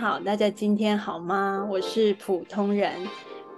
好，大家今天好嗎？我是普通人，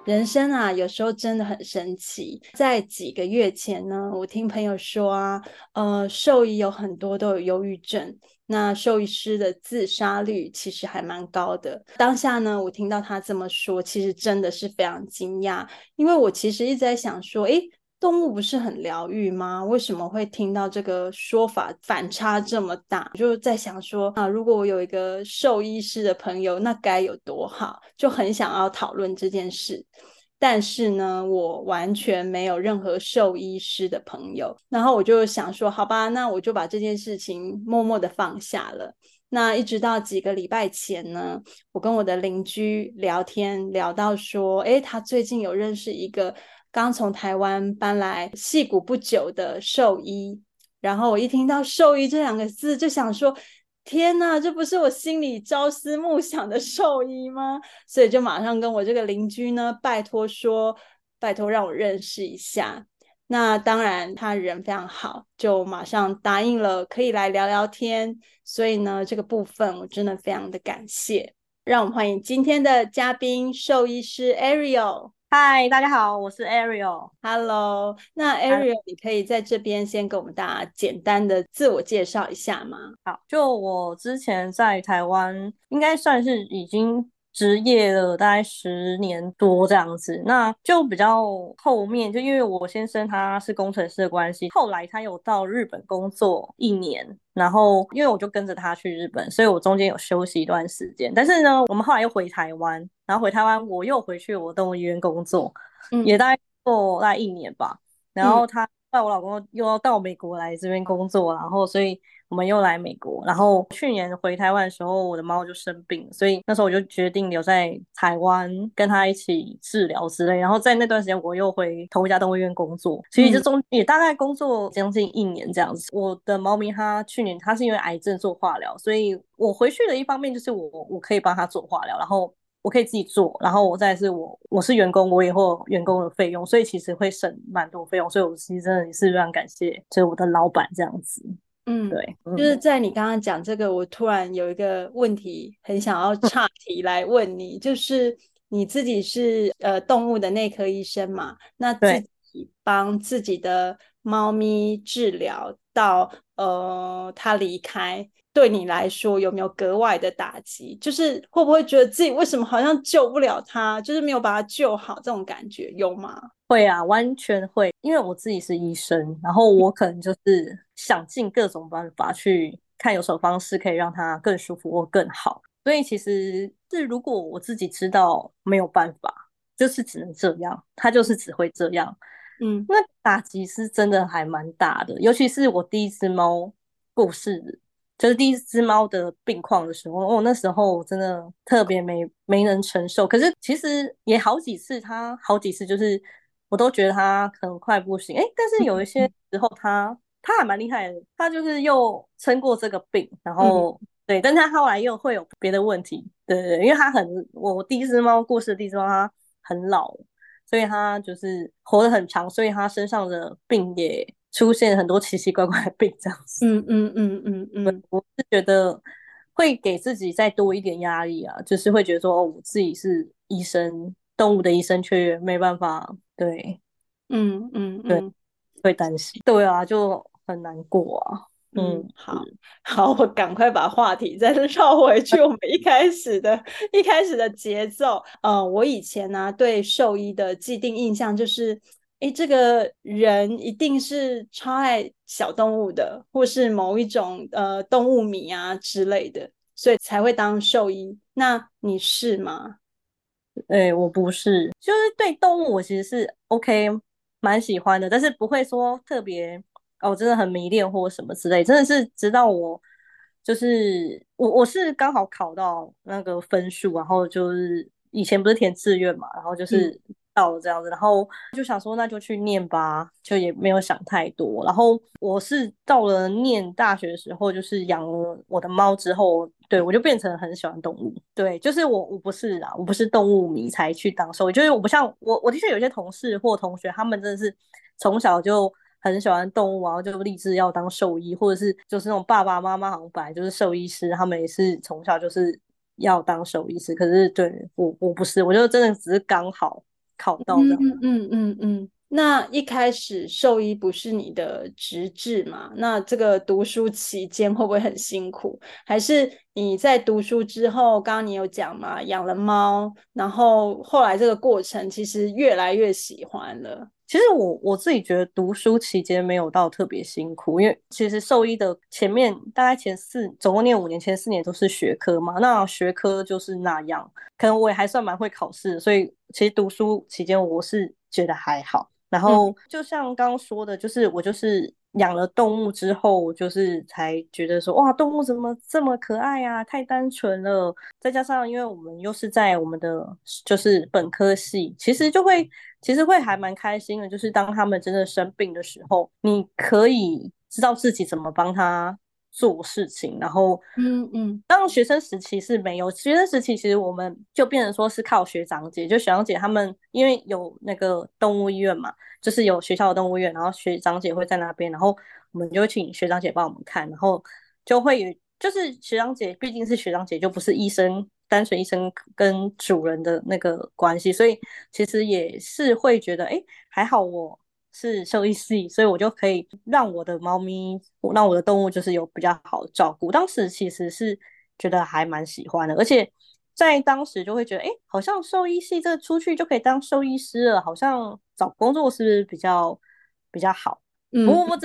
人生啊，有時候真的很神奇。在幾個月前呢，我聽朋友說啊，呃，獸醫有很多都有憂鬱症，那獸醫師的自殺率其實還蠻高的。當下呢，我聽到他這麼說，其實真的是非常驚訝，因為我其實一直在想說，誒、欸……動物不是很療癒嗎？為什麼會聽到這個說法反差這麼大？就是在想說啊，如果我有一個獸醫師的朋友，那該有多好！就很想要討論這件事，但是呢，我完全沒有任何獸醫師的朋友。然後我就想說，好吧，那我就把這件事情默默的放下了。那一直到幾個禮拜前呢，我跟我的鄰居聊天，聊到說，誒，他最近有認識一個。剛從台灣搬來矽谷不久的獸醫，然後我一聽到“獸醫”這兩個字，就想說：“天哪，這不是我心裡朝思暮想的獸醫嗎？”所以就馬上跟我這個鄰居呢，拜託說：“拜託讓我認識一下。”那當然，他人非常好，就馬上答應了，可以來聊聊天。所以呢，這個部分我真的非常的感謝，讓我們歡迎今天的嘉賓獸醫師 Ariel。嗨，大家好，我是 Ariel。Hello，那 Ariel，Hi. 你可以在這邊先給我們大家簡單的自我介紹一下嗎？好，就我之前在台灣，應該算是已經。職業了大概十年多這樣子，那就比較後面，就因為我先生他是工程師的關係，後來他有到日本工作一年，然後因為我就跟着他去日本，所以我中間有休息一段時間。但是呢，我們後來又回台灣，然後回台灣我又回去我動物醫院工作，嗯、也大概過大概一年吧。然後他、嗯。那我老公又要到美國來這邊工作，然後所以我們又來美國。然後去年回台灣的時候，我的貓就生病了，所以那時候我就決定留在台灣跟它一起治療之類。然後在那段時間，我又回同一家動物醫院工作，所以這中也大概工作將近一年這樣子。嗯、我的貓咪它去年它是因為癌症做化療，所以我回去的一方面就是我我可以幫它做化療，然後。我可以自己做，然後我再是我我是員工，我也會有員工的費用，所以其實會省蠻多費用，所以我其實真的也是非常感謝，所、就是我的老闆這樣子。嗯，對嗯，就是在你剛剛講這個，我突然有一個問題，很想要岔題來問你， 就是你自己是呃動物的內科醫生嘛，那自己幫自己的貓咪治療到。呃，他離開對你來說有沒有格外的打擊？就是會不會覺得自己為什麼好像救不了他，就是沒有把他救好這種感覺有嗎？Yuma? 會啊，完全會。因為我自己是醫生，然後我可能就是想盡各種辦法去看有什麼方式可以讓他更舒服或更好。所以其實是如果我自己知道沒有辦法，就是只能這樣，他就是只會這樣。嗯，那打擊是真的還蠻大的，尤其是我第一隻貓過世，就是第一隻貓的病況的時候我，哦，那時候我真的特別沒沒能承受。可是其實也好幾次他、它好幾次就是我都覺得它很快不行，哎、欸，但是有一些時候它它還蠻厲害的，它就是又撐過這個病，然後、嗯、對，但它後來又會有別的問題，對對，因為它很我我第一隻貓，過世的第一隻貓它很老。所以他就是活得很長，所以他身上的病也出現很多奇奇怪怪的病，這樣子。嗯嗯嗯嗯嗯，我是覺得會給自己再多一點壓力啊，就是會覺得說，哦，我自己是醫生，動物的醫生卻沒辦法。對，嗯嗯，嗯，對，會擔心。對啊，就很難過啊。嗯，好好，我趕快把話題再繞回去。我們一開始的， 一開始的節奏。呃，我以前呢、啊，對獸醫的既定印象就是，哎，這個人一定是超愛小動物的，或是某一種呃動物迷啊之類的，所以才會當獸醫。那你是嗎？哎、欸，我不是，就是對動物我其實是 OK，蠻喜歡的，但是不會說特別。哦，真的很迷戀或什麼之類，真的是直到我就是我，我是剛好考到那個分數，然後就是以前不是填志願嘛，然後就是到了這樣子、嗯，然後就想說那就去念吧，就也沒有想太多。然後我是到了念大學的時候，就是養了我的貓之後，對，我就變成很喜歡動物。對，就是我我不是啦，我不是動物迷才去當獸醫，就是我不像我我的確有些同事或同學，他們真的是從小就。很喜歡動物，啊，然後就立志要當獸醫，或者是就是那種爸爸媽媽好像本來就是獸醫師，他們也是從小就是要當獸醫師。可是對我，我不是，我就真的只是剛好考到這樣的。嗯嗯嗯，嗯。那一開始獸醫不是你的職志嘛，那這個讀書期間會不會很辛苦？還是你在讀書之後，剛剛你有講嘛，養了貓，然後後來這個過程其實越來越喜歡了？其實我我自己覺得讀書期間沒有到特別辛苦，因為其實獸醫的前面大概前四總共念五年，前四年都是學科嘛，那學科就是那樣，可能我也還算蠻會考試，所以其實讀書期間我是覺得還好。然後就像剛剛說的，就是我就是養了動物之後，就是才覺得說哇，動物怎麼這麼可愛啊，太單純了。再加上因為我們又是在我們的就是本科系，其實就會。其實會還蠻開心的，就是當他們真的生病的時候，你可以知道自己怎麼幫他做事情。然後，嗯嗯，當學生時期是沒有，學生時期其實我們就變成說是靠學長姐，就學長姐他們，因為有那個動物醫院嘛，就是有學校的動物醫院，然後學長姐會在那邊，然後我們就請學長姐幫我們看，然後就會有，就是學長姐畢竟是學長姐，就不是醫生。單純醫生跟主人的那個關係，所以其實也是會覺得，哎，還好我是獸醫系，所以我就可以讓我的貓咪，讓我的動物就是有比較好照顧。當時其實是覺得還蠻喜歡的，而且在當時就會覺得，哎，好像獸醫系這出去就可以當獸醫師了，好像找工作是不是比較比較好。嗯。不過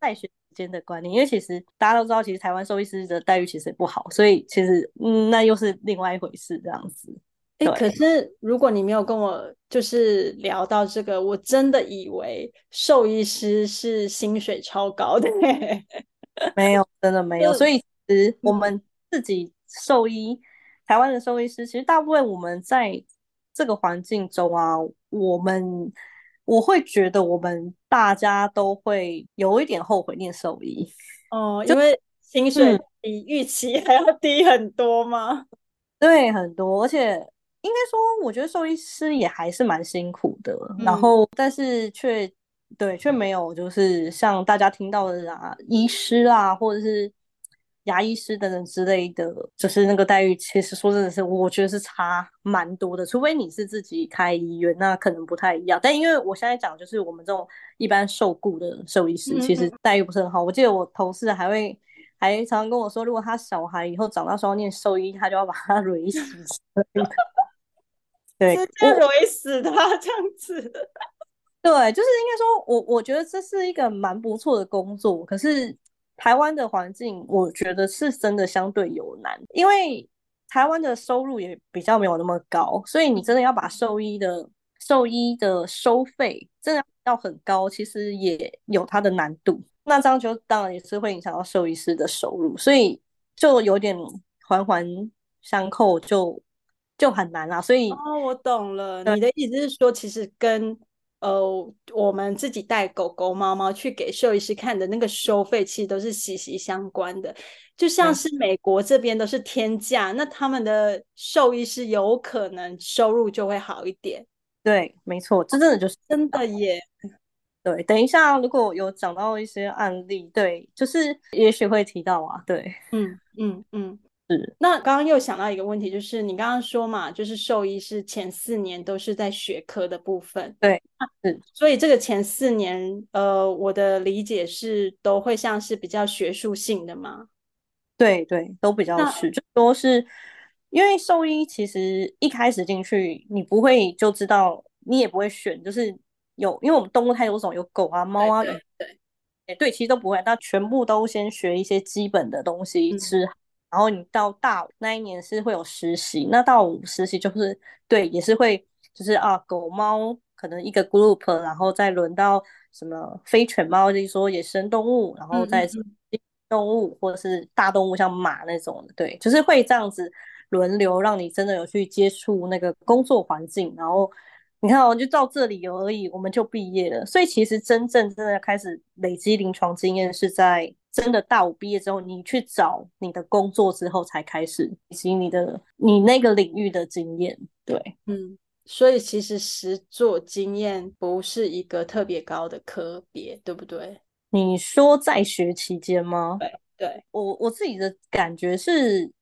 在學。間的觀念，因為其實大家都知道，其實台灣獸醫師的待遇其實不好，所以其實嗯，那又是另外一回事這樣子，欸。可是如果你沒有跟我就是聊到這個，我真的以為獸醫師是薪水超高的， 沒有，真的沒有。所以其實我們自己獸醫，台灣的獸醫師其實大部分我們在這個環境中啊，我們。我會覺得我們大家都會有一點後悔念獸醫，哦，因為薪水比預期還要低很多嘛、嗯？對，很多，而且應該說，我覺得獸醫師也還是蠻辛苦的。嗯、然後，但是卻對，卻沒有就是像大家聽到的啊，醫師啊，或者是。牙醫師等人之類的，就是那個待遇，其實說真的是，我覺得是差蠻多的。除非你是自己開醫院，那可能不太一樣。但因為我現在講，就是我們這種一般受雇的獸醫師，其實待遇不是很好。我記得我同事還會還常常跟我說，如果他小孩以後長大時候念獸醫，他就要把他累死。對，要 累死他這樣子。對，就是應該說我，我我覺得這是一個蠻不錯的工作，可是台灣的環境，我覺得是真的相對有難，因為台灣的收入也比較沒有那麼高，所以你真的要把獸醫的獸醫的收費真的要很高，其實也有它的難度。那這樣就當然也是會影響到獸醫師的收入，所以就有點環環相扣就，就就很難啦。所以哦，我懂了，嗯，你的意思是說，其實跟呃，我們自己帶狗狗、貓貓去給獸醫師看的那個收費，其實都是息息相關的。就像是美國這邊都是天價，嗯，那他們的獸醫師有可能收入就會好一點。對，沒錯，這真的就是、啊、真的耶。對，等一下，如果有講到一些案例，對，就是也許會提到啊。對，嗯嗯嗯。嗯是，那剛剛又想到一個問題，就是你剛剛說嘛，就是獸醫是前四年都是在學科的部分，對，嗯，所以這個前四年，呃，我的理解是都會像是比較學術性的嘛？對對，都比較是，就都是因為獸醫其實一開始進去，你不會就知道，你也不會選，就是有，因為我們動物它有種，有狗啊、貓啊，對，對，對，欸，對，其實都不會，但全部都先學一些基本的東西，吃。嗯然後你到大五那一年是會有實習，那到五實習就是對，也是會就是啊狗貓可能一個 group，然後再輪到什麼非犬貓，就是說野生動物，然後再生動物嗯嗯或者是大動物，像馬那種對，就是會這樣子輪流，讓你真的有去接觸那個工作環境，然後。你看哦，我就到這裡而已，我們就畢業了。所以其實真正真的要開始累積臨床經驗是在真的大五畢業之後，你去找你的工作之後才開始，以及你的你那個領域的經驗。對，嗯，所以其實實作經驗不是一個特別高的科別，對不對？你說在學期間嗎？對，對。我我自己的感覺是。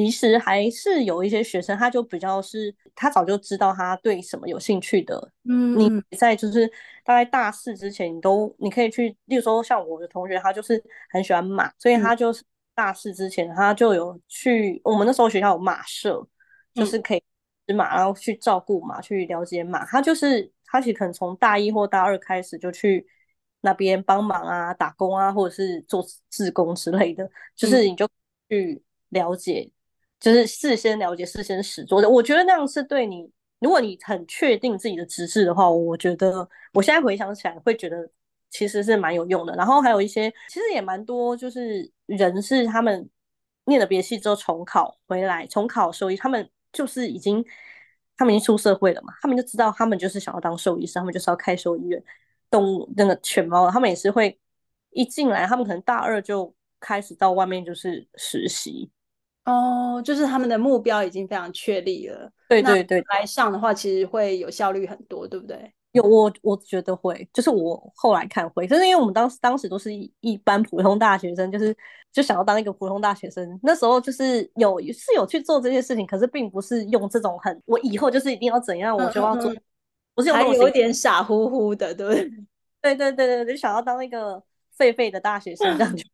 其實還是有一些學生，他就比較是，他早就知道他對什麼有興趣的。嗯，你在就是大概大四之前，你都你可以去，例如說像我的同學，他就是很喜歡馬，所以他就是大四之前，他就有去我們那時候學校有馬舍，就是可以騎馬，然後去照顧馬，去了解馬。他就是他其實可能從大一或大二開始就去那邊幫忙啊，打工啊，或者是做志工之類的，就是你就去了解。就是事先了解，事先實作的。我覺得那樣是對你，如果你很確定自己的資質的話，我覺得我現在回想起來會覺得其實是蠻有用的。然後還有一些，其實也蠻多，就是人是他們念了別系之後重考回來，重考獸醫，他們就是已經他們已經出社會了嘛，他們就知道他們就是想要當獸醫生，他們就是要開獸醫院，動物那個犬貓，他們也是會一進來，他們可能大二就開始到外面就是實習。哦、oh，就是他們的目標已經非常確立了。對對對，對，來上的話，其實會有效率很多，對不對？有我，我覺得會。就是我後來看會，就是因為我們當時當時都是一一般普通大學生，就是就想要當一個普通大學生。那時候就是有是有去做這些事情，可是並不是用這種很我以後就是一定要怎樣，我就要做，嗯嗯嗯，不是還有一點傻乎乎的，對不對？ 對對對對，就想要當一個廢廢的大學生 這樣子。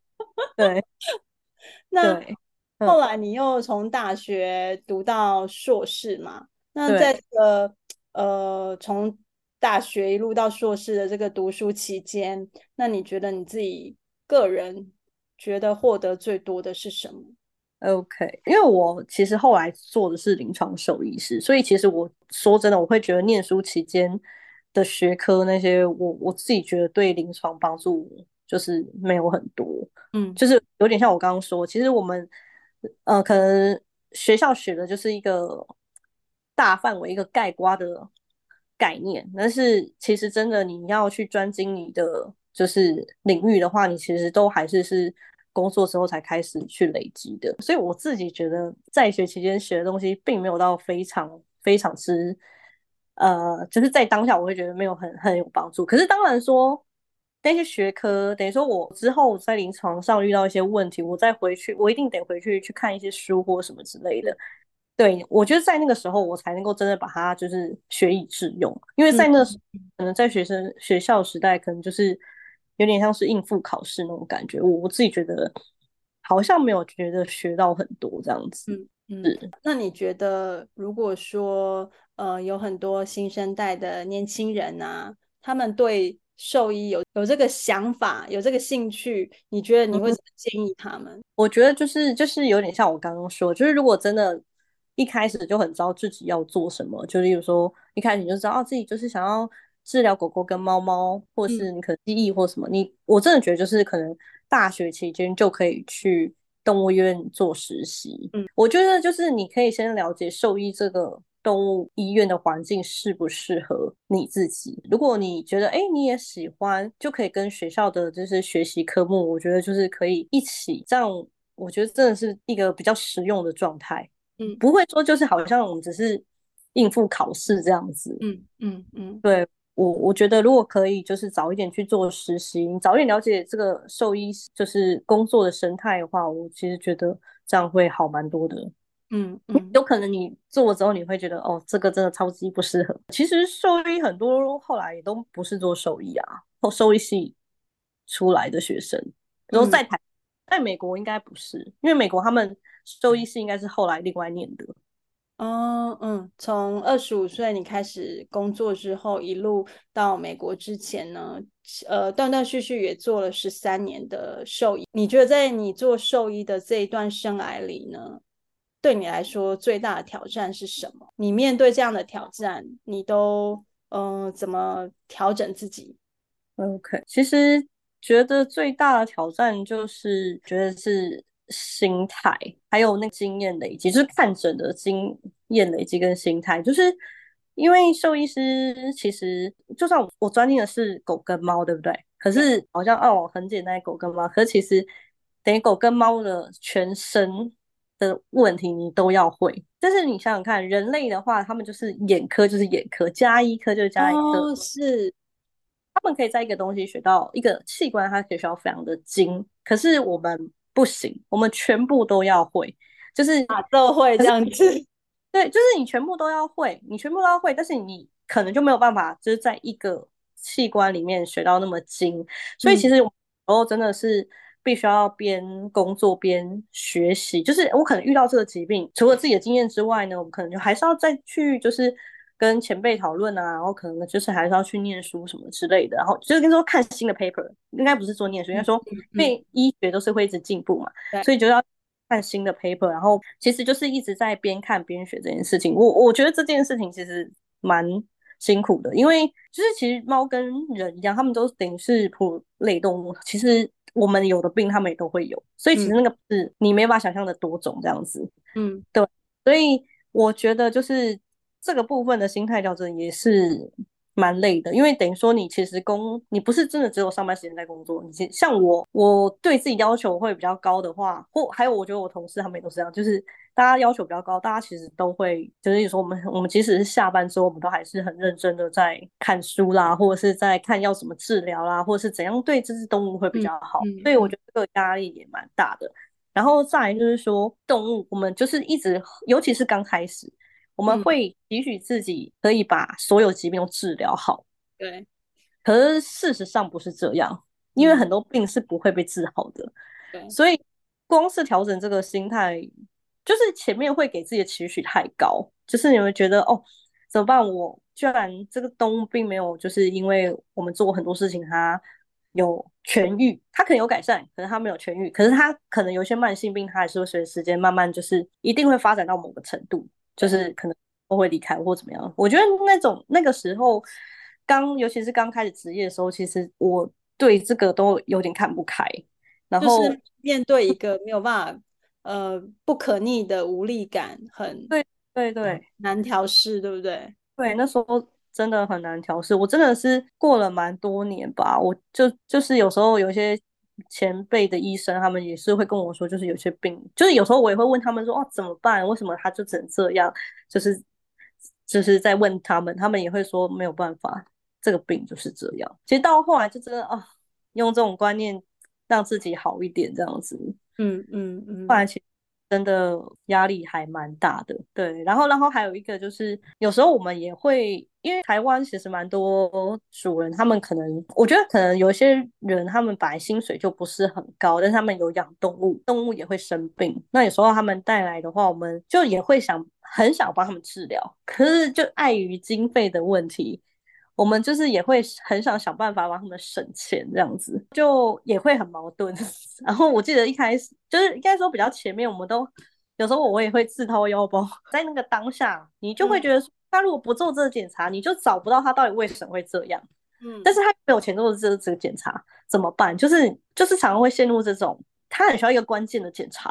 對， 那對。後來你又從大學讀到碩士嘛。嗯、那在這個呃，從大學一路到碩士的這個讀書期間，那你覺得你自己個人覺得獲得最多的是什麼？OK，因為我其實後來做的是臨床獸醫師，所以其實我說真的，我會覺得念書期間的學科那些，我我自己覺得對臨床幫助就是沒有很多，嗯，就是有點像我剛剛說，其實我們。呃，可能學校學的就是一個大範圍一個概括的概念，但是其實真的你要去專精你的就是領域的話，你其實都還是是工作之後才開始去累積的。所以我自己覺得在學期間學的東西，並沒有到非常非常之呃，就是在當下我會覺得沒有很很有幫助。可是當然說。那些學科，等於說，我之後我在臨床上遇到一些問題，我再回去，我一定得回去去看一些書或什麼之類的。對，我覺得在那個時候，我才能夠真的把它就是學以致用。因為在那個時候，嗯，可能在學生學校時代，可能就是有點像是應付考試那種感覺。我我自己覺得好像沒有覺得學到很多這樣子。嗯，嗯。那你覺得，如果說呃，有很多新生代的年輕人啊，他們對獸醫有有這個想法，有這個興趣，你覺得你會怎麼建議他們？ 我覺得就是就是有點像我剛剛說，就是如果真的一開始就很知道自己要做什麼，就是比如說一開始你就知道、啊、自己就是想要治療狗狗跟貓貓，或是你可記憶或什麼，嗯、你我真的覺得就是可能大學期間就可以去動物醫院做實習。嗯，我覺得就是你可以先了解獸醫這個。動物醫院的環境適不適合你自己？如果你覺得哎、欸，你也喜歡，就可以跟學校的就是學習科目，我覺得就是可以一起這樣。我覺得真的是一個比較實用的狀態，嗯，不會說就是好像我們只是應付考試這樣子，嗯嗯嗯。對，我，我覺得如果可以，就是早一點去做實習，你早一點了解這個獸醫就是工作的生態的話，我其實覺得這樣會好蠻多的。嗯，嗯，有可能你做了之後，你會覺得哦，這個真的超級不適合。其實獸醫很多後來也都不是做獸醫啊，獸醫系出來的學生，然後在台、嗯，在美國應該不是，因為美國他們獸醫系應該是後來另外念的。哦、嗯，嗯，從二十五歲你開始工作之後，一路到美國之前呢，呃，斷斷續續也做了十三年的獸醫。你覺得在你做獸醫的這一段生涯裡呢？對你來說最大的挑戰是什麼？你面對這樣的挑戰，你都嗯、呃、怎麼調整自己？OK，其實覺得最大的挑戰就是覺得是心態，還有那個經驗累積，就是看診的經驗累積跟心態。就是因為獸醫師，其實就算我我專精的是狗跟貓，對不對？可是好像、嗯、哦很簡單，狗跟貓，可是其實等於狗跟貓的全身。的問題你都要會，但是你想想看，人類的話，他們就是眼科就是眼科，家醫科就是家醫科，哦、是他們可以在一個東西學到一個器官，它可以學到非常的精。可是我們不行，我們全部都要會，就是都、啊、會這樣子。對，就是你全部都要會，你全部都要會，但是你可能就沒有辦法，就是在一個器官裡面學到那麼精。所以其實我們有時候真的是。嗯必須要邊工作邊學習，就是我可能遇到這個疾病，除了自己的經驗之外呢，我們可能就還是要再去，就是跟前輩討論啊，然後可能就是還是要去念書什麼之類的，然後就是跟說看新的 paper，應該不是說念書，應該說因為醫學都是會一直進步嘛、嗯嗯，所以就要看新的 paper，然後其實就是一直在邊看邊學這件事情，我我覺得這件事情其實蠻辛苦的，因為就是其實貓跟人一樣，他們都等於是哺乳類動物，其實。我們有的病，他們也都會有，所以其實那個是你沒法想象的多種這樣子，嗯，對，所以我覺得就是這個部分的心態調整也是蠻累的，因為等於說你其實工，你不是真的只有上班時間在工作。你像我，我對自己要求會比較高的話，或還有我覺得我同事他們也都是這樣，就是大家要求比較高，大家其實都會，就是你說我們我們即使是下班之後，我們都還是很認真的在看書啦，或者是在看要怎麼治療啦，或者是怎樣對這隻動物會比較好，嗯嗯。所以我覺得這個壓力也蠻大的。然後再來就是說動物，我們就是一直，尤其是剛開始。我們會期許自己可以把所有疾病都治療好，對、嗯。可是事實上不是這樣、嗯，因為很多病是不會被治好的。對。所以，光是調整這個心態，就是前面會給自己的期許太高，就是你會覺得哦，怎麼辦？我居然這個冬並沒有，就是因為我們做過很多事情，它有痊癒，它可能有改善，可是它沒有痊癒，可是它可能有一些慢性病，它還是會隨著時間慢慢就是一定會發展到某個程度。就是可能都會離開或怎麼樣，我覺得那種那個時候剛，尤其是剛開始職業的時候，其實我對這個都有點看不開，然後、就是、面對一個沒有辦法、嗯、呃不可逆的無力感，很對對對，難調試，對不對？對，那時候真的很難調試，我真的是過了蠻多年吧，我就就是有時候有些。前輩的醫生，他們也是會跟我說，就是有些病，就是有時候我也會問他們說，哦，怎麼辦？為什麼他就成這樣？就是就是在問他們，他們也會說沒有辦法，這個病就是這樣。其實到後來就真的啊、哦，用這種觀念讓自己好一點，這樣子，嗯嗯嗯，嗯後來其實真的壓力還蠻大的，對。然後，然後還有一個就是，有時候我們也會，因為台灣其實蠻多主人，他們可能，我覺得可能有一些人，他們本來薪水就不是很高，但他們有養動物，動物也會生病。那有時候他們帶來的話，我們就也會想，很想幫他們治療，可是就礙於經費的問題。我們就是也會很想想辦法幫他們省錢，這樣子就也會很矛盾。然後我記得一開始就是應該說比較前面，我們都有時候我也會自掏腰包，在那個當下，你就會覺得說他如果不做這個檢查，你就找不到他到底為什麼會這樣。嗯，但是他沒有錢做這這個檢查怎麼辦？就是就是常常會陷入這種，他很需要一個關鍵的檢查，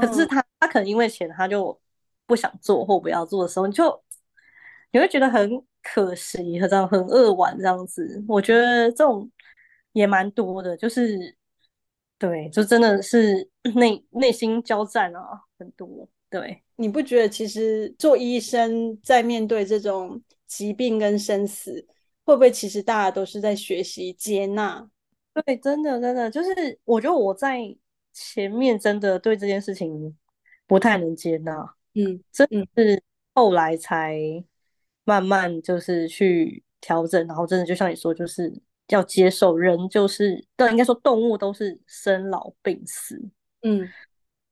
可是他他可能因為錢，他就不想做或不要做的時候，你就。你會覺得很可惜，好像，很扼腕這樣子。我覺得這種也蠻多的，就是，對，就真的是內內心交戰啊，很多。對，你不覺得其實做醫生在面對這種疾病跟生死，會不會其實大家都是在學習接納？對，真的，真的，就是我覺得我在前面真的對這件事情不太能接納，嗯，真的是後來才，慢慢就是去調整，然後真的就像你說，就是要接受人就是，那應該說動物都是生老病死。嗯，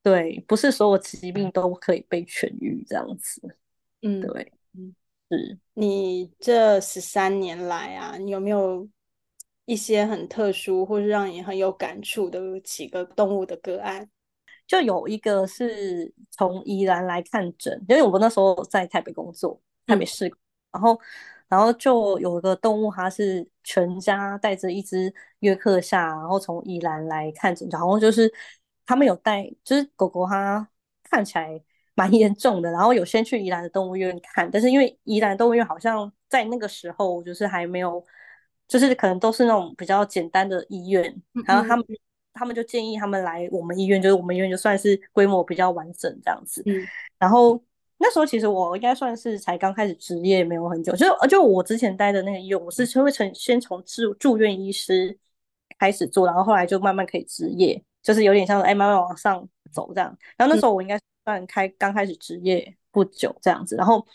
對，不是所有疾病都可以被痊癒這樣子。嗯，對，嗯，是。你這十三年來啊，你有沒有一些很特殊或是讓你很有感觸的幾個動物的個案？就有一個是從宜蘭來看診，因為我們那時候在台北工作，台北市。嗯然後，然後就有個動物，它是全家帶着一只約克夏，然後從宜蘭來看診，然後就是他們有帶，就是狗狗它看起來蠻嚴重的，然後有先去宜蘭的動物醫院看，但是因為宜蘭動物醫院好像在那個時候就是還沒有，就是可能都是那種比較簡單的醫院，嗯嗯，然後他們他們就建議他們來我們醫院，就是我們醫院就算是規模比較完整這樣子，嗯、然後。那時候其實我應該算是才剛開始執業沒有很久，就就我之前待的那個醫院，我是會成，先從住住院醫師開始做，然後後來就慢慢可以執業，就是有點像，欸，、慢慢往上走這樣。然後那時候我應該算開剛開始執業不久這樣子，然後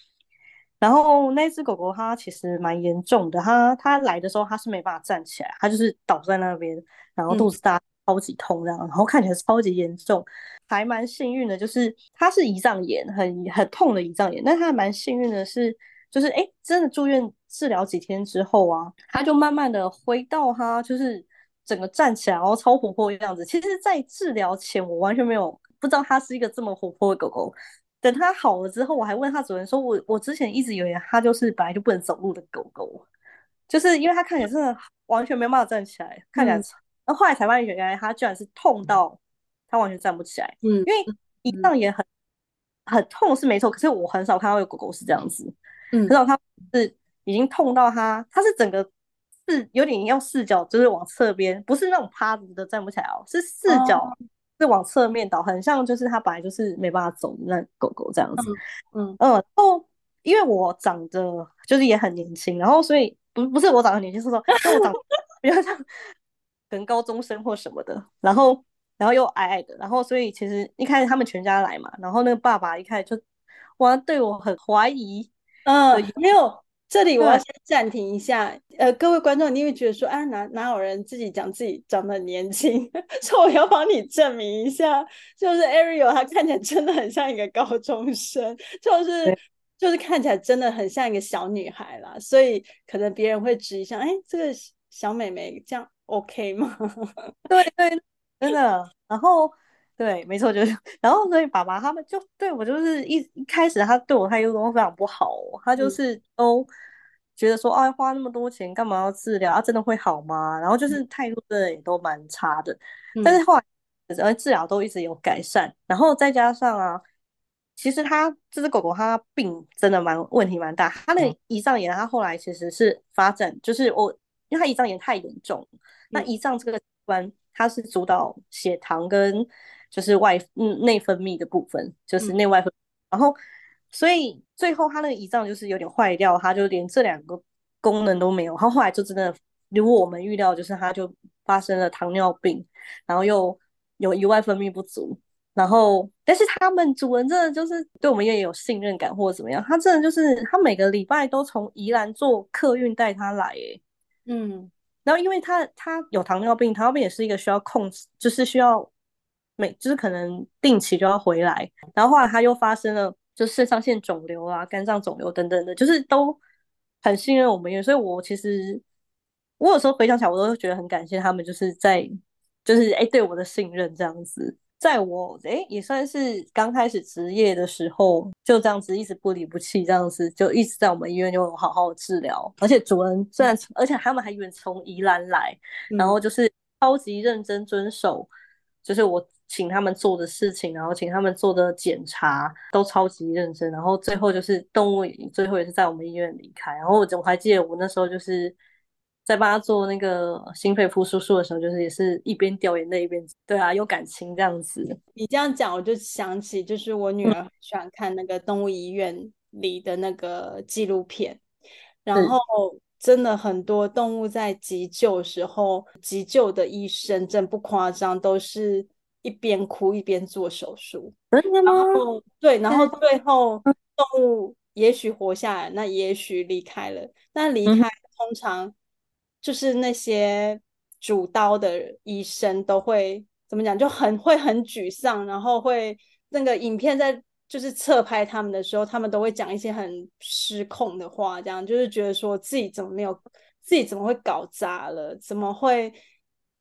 然後那隻狗狗它其實蠻嚴重的，它它來的時候它是沒辦法站起來，它就是倒在那邊，然後肚子大。嗯超級痛這樣，然後看起來超級嚴重，還蠻幸運的，就是他是胰臟炎，很很痛的胰臟炎。但他還蠻幸運的是，就是哎、欸，真的住院治療幾天之後啊，他就慢慢的回到他就是整個站起來，然後超活潑的樣子。其實，在治療前，我完全沒有不知道他是一個這麼活潑的狗狗。等他好了之後，我還問他主人說我，我我之前一直以為他就是本來就不能走路的狗狗，就是因為他看起來真的完全沒有辦法站起來，看起來。後來才發現原來他居然是痛到他完全站不起來。嗯，因為一上也很、嗯、很痛是沒錯，可是我很少看到有狗狗是這樣子，嗯，很少，他是已經痛到他，他是整個是有點要四腳就是往側邊，不是那種趴着的站不起來。哦，是四腳是往側面倒。哦，很像就是他本來就是沒辦法走那個、狗狗這樣子，嗯嗯，嗯，然後因為我長得就是也很年輕，然後所以不不是我長得年輕，是說那我，我長得比較像。 跟高中生或什麼的，然後，然後又矮矮的，然後，所以其實一開始他們全家來嘛，然後那個爸爸一開始就哇，對我很懷疑，嗯，沒有。這裡我要先暫停一下，嗯、呃，各位觀眾，你會覺得說，啊，哪哪有人自己講自己長得很年輕？ 所以我要幫你證明一下，就是 Ariel，她看起來真的很像一個高中生，就是、嗯、就是看起來真的很像一個小女孩啦，所以可能別人會質疑像，哎，這個。小妹妹這樣 OK 嗎？ 對對，真的。然後對，沒錯，就是。然後所以爸爸他們就對我就是一一開始他對我態度都非常不好，他就是都覺得說哎、嗯啊，花那麼多錢幹嘛要治療？他、啊、真的會好嗎？然後就是態度真的也都蠻差的、嗯。但是後來治療都一直有改善，然後再加上啊，其實他這隻狗狗它病真的蠻問題蠻大，它、嗯、的胰臟炎它後來其實是發展就是我。因為他胰臟炎太嚴重，那胰臟這個器官，它是主導血糖跟就是外嗯、內分泌的部分，就是內外分泌、嗯。然後所以最後他那個胰臟就是有點壞掉，他就連這兩個功能都沒有。他後，後來就真的，如果我們預料，就是他就發生了糖尿病，然後又有胰外分泌不足。然後但是他們主人真的就是對我們也有信任感，或者怎麼樣？他真的就是他每個禮拜都從宜蘭坐客運帶他來、欸，嗯，然後因為他他有糖尿病，糖尿病也是一個需要控制，就是需要每就是可能定期就要回來。然後後來他又發生了就是腎上腺腫瘤啊、肝臟腫瘤等等的，就是都很信任我們，所以，我其實我有時候回想起來，我都覺得很感謝他們就是在，就是在就是哎對我的信任這樣子。在我哎、欸、也算是剛開始職業的時候，就這樣子一直不離不棄，這樣子就一直在我們醫院就好好的治療。而且主人雖然、嗯，而且他們還遠從宜蘭來，然後就是超級認真遵守、嗯，就是我請他們做的事情，然後請他們做的檢查都超級認真。然後最後就是動物最後也是在我們醫院離開。然後我我還記得我那時候就是。在幫她做那個心肺復甦術的時候，就是也是一邊掉眼淚一邊對啊，有感情這樣子。你這樣講，我就想起，就是我女兒很喜歡看那個動物醫院裡的那個紀錄片、嗯，然後真的很多動物在急救的時候，急救的醫生真不誇張，都是一邊哭一邊做手術。真的嗎？對，然後最後動物也許活下來，那也許離開了，那離開通常、嗯。就是那些主刀的醫生都會怎麼講？就很會很沮喪，然後會那個影片在就是側拍他們的時候，他們都會講一些很失控的話，這樣就是覺得說自己怎麼沒有，自己怎麼會搞砸了，怎麼會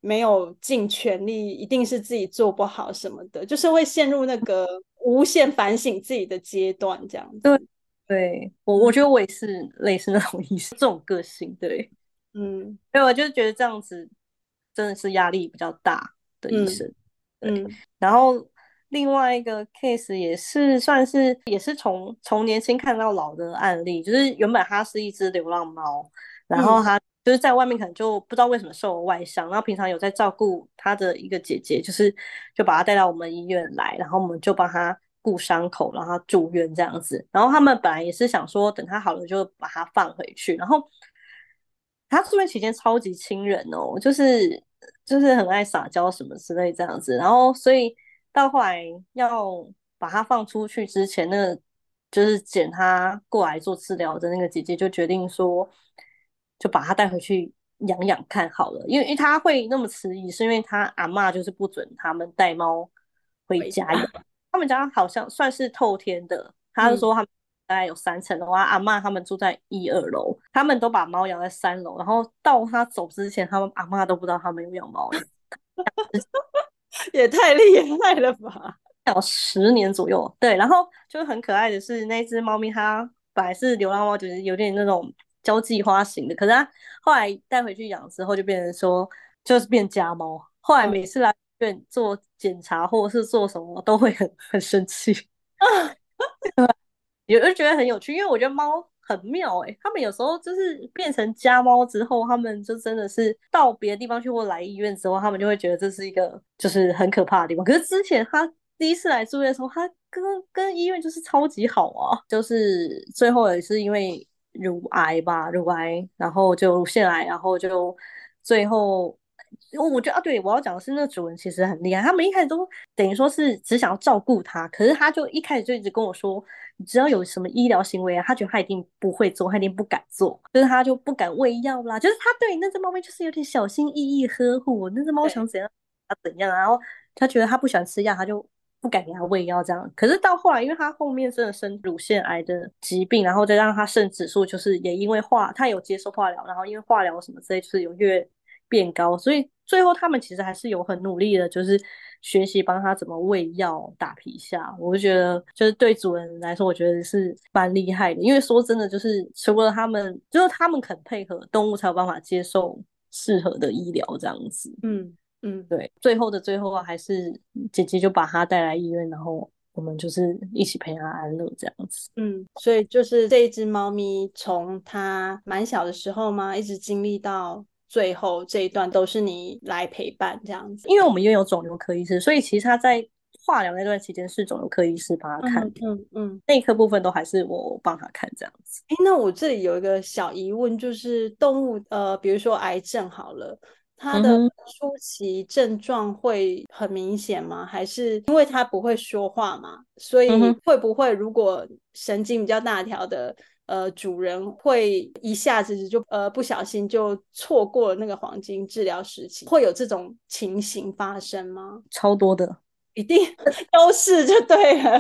沒有盡全力，一定是自己做不好什麼的，就是會陷入那個無限反省自己的階段，這樣。對，對我我覺得我也是、嗯、類似那種意思，這種個性，對。嗯，對，我就是覺得這樣子真的是壓力比較大的醫生，嗯。嗯，然後另外一個 case 也是算是也是從從年輕看到老的案例，就是原本它是一隻流浪貓，然後它就是在外面可能就不知道為什麼受了外傷，嗯，然後平常有在照顧他的一個姐姐，就是就把它帶到我們醫院來，然後我們就幫他顧傷口，然後住院這樣子。然後他們本來也是想說等它好了就把它放回去，然後。他住院期間超級親人哦，就是就是很愛撒嬌什麼之類這樣子，然後所以到後來要把它放出去之前，那就是撿它過來做治療的那個姐姐就決定說，就把它帶回去養養看好了，因為因為他會那麼遲疑，是因為他阿嬤就是不准他們帶貓回家的、啊，他們家好像算是透天的，他就說他們、嗯。大概有三層的，我、啊、阿媽他們住在一二樓，他們都把貓養在三樓。然後到他走之前，他們阿媽都不知道他們有養貓。 但是 也太厲害了吧！小十年左右，對。然後就很可愛的是，那只貓咪它本來是流浪貓，就是有點那種交際花型的。可是它後來帶回去養之後，就變成說就是變家貓。後來每次來院做檢查或者是做什麼，都會很很生氣啊。 有我就覺得很有趣，因為我覺得貓很妙哎、欸。他們有時候就是變成家貓之後，他們就真的是到別的地方去或來醫院之後，他們就會覺得這是一個就是很可怕的地方。可是之前他第一次來住院的時候，他跟跟醫院就是超級好啊，就是最後也是因為乳癌吧，乳癌，然後就乳腺癌，然後就最後。我我覺得啊對，對我要講的是，那個主人其實很厲害。他們一開始都等於說是只想要照顧他，可是他就一開始就一直跟我說，只要有什麼醫療行為啊，他覺得他一定不會做，他一定不敢做，就是他就不敢餵藥啦。就是他對那只、個、貓咪就是有點小心翼翼呵護，那只、個、貓想怎樣啊？怎樣，然後他覺得他不喜歡吃藥，他就不敢給他餵藥這樣。可是到後來，因為他後面真的生乳腺癌的疾病，然後就讓他腎指數就是也因為化，他有接受化療，然後因為化療什麼之類，就是有越。變高，所以最後他們其實還是有很努力的，就是學習幫他怎麼餵藥、打皮下。我就覺得，就是對主人來說，我覺得是蠻厲害的，因為說真的，就是除了他們，就是他們肯配合，動物才有辦法接受適合的醫療這樣子。嗯嗯，對，最後的最後還是姐姐就把它帶來醫院，然後我們就是一起陪它安樂這樣子。嗯，所以就是這一只貓咪從它蠻小的時候嘛，一直經歷到。最後這一段都是你來陪伴這樣子，因為我們擁有腫瘤科醫生，所以其實他在化療那段期間是腫瘤科醫師幫他看，嗯嗯，內、嗯、科部分都還是我幫他看這樣子。哎、欸，那我這裡有一個小疑問，就是動物，呃，比如說癌症好了，它的初期症狀會很明顯嗎、嗯？還是因為它不會說話嘛，所以會不會如果神經比較大條的？呃，主人會一下子就呃不小心就錯過那個黃金治療時期，會有這種情形發生嗎？超多的，一定 都是就對了，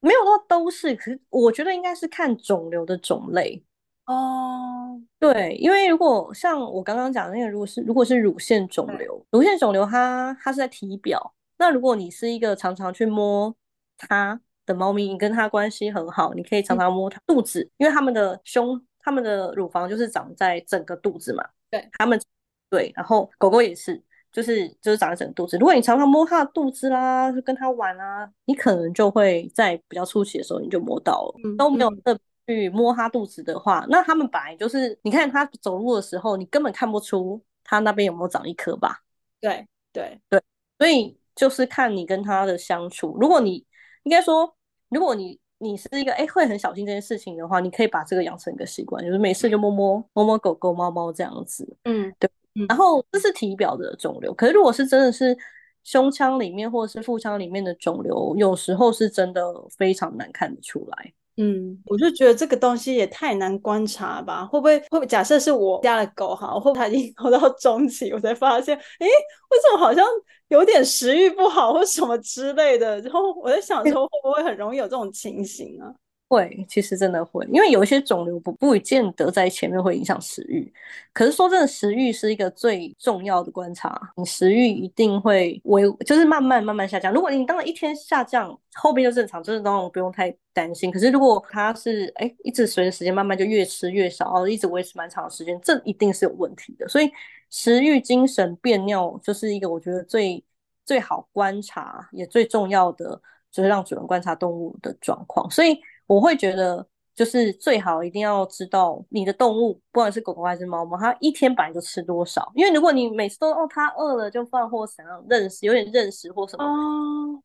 沒有的話都是，可是我覺得應該是看腫瘤的種類哦。對，因為如果像我剛剛講的那個，如果是如果是乳腺腫瘤，乳腺腫瘤它它是在體表，那如果你是一個常常去摸它。的貓咪，你跟它關係很好，你可以常常摸它肚子，嗯、因為它們的胸，它們的乳房就是長在整個肚子嘛。對，它們對，然後狗狗也是，就是就是長在整個肚子。如果你常常摸它的肚子啦，就跟它玩啊，你可能就會在比較初期的時候你就摸到了。嗯、都沒有特別去摸它肚子的話，嗯、那它們本來就是，你看它走路的時候，你根本看不出它那邊有沒有長一顆吧？對對對，所以就是看你跟它的相處。如果你，你應該說。如果你你是一個哎、欸、會很小心這件事情的話，你可以把這個養成一個習慣，就是每次就摸摸摸摸狗狗貓貓這樣子，嗯，對。然後這是體表的腫瘤，可是如果是真的是胸腔裡面或者是腹腔裡面的腫瘤，有時候是真的非常難看得出來。嗯，我就覺得這個東西也太難觀察吧？會不會，會不會假設是我家的狗哈，會不會它已經到中期，我才發現，誒，為什麼好像有點食欲不好或什麼之類的？然後我在想說，會不會很容易有這種情形啊？會，其實真的會，因為有一些腫瘤不不不見得在前面會影響食慾，可是說真的，食慾是一個最重要的觀察，你食慾一定會維，就是慢慢慢慢下降。如果你當然一天下降，後面就正常，就是那種不用太擔心。可是如果它是哎一直隨着時間慢慢就越吃越少，哦，一直維持蠻長的時間，這一定是有問題的。所以食慾、精神、便尿就是一個我覺得最最好觀察也最重要的，就是讓主人觀察動物的狀況。所以。我會覺得，就是最好一定要知道你的動物，不管是狗狗還是貓貓，它一天本來就吃多少。因為如果你每次都哦，它餓了就放或想要認識有點認識或什麼、哦，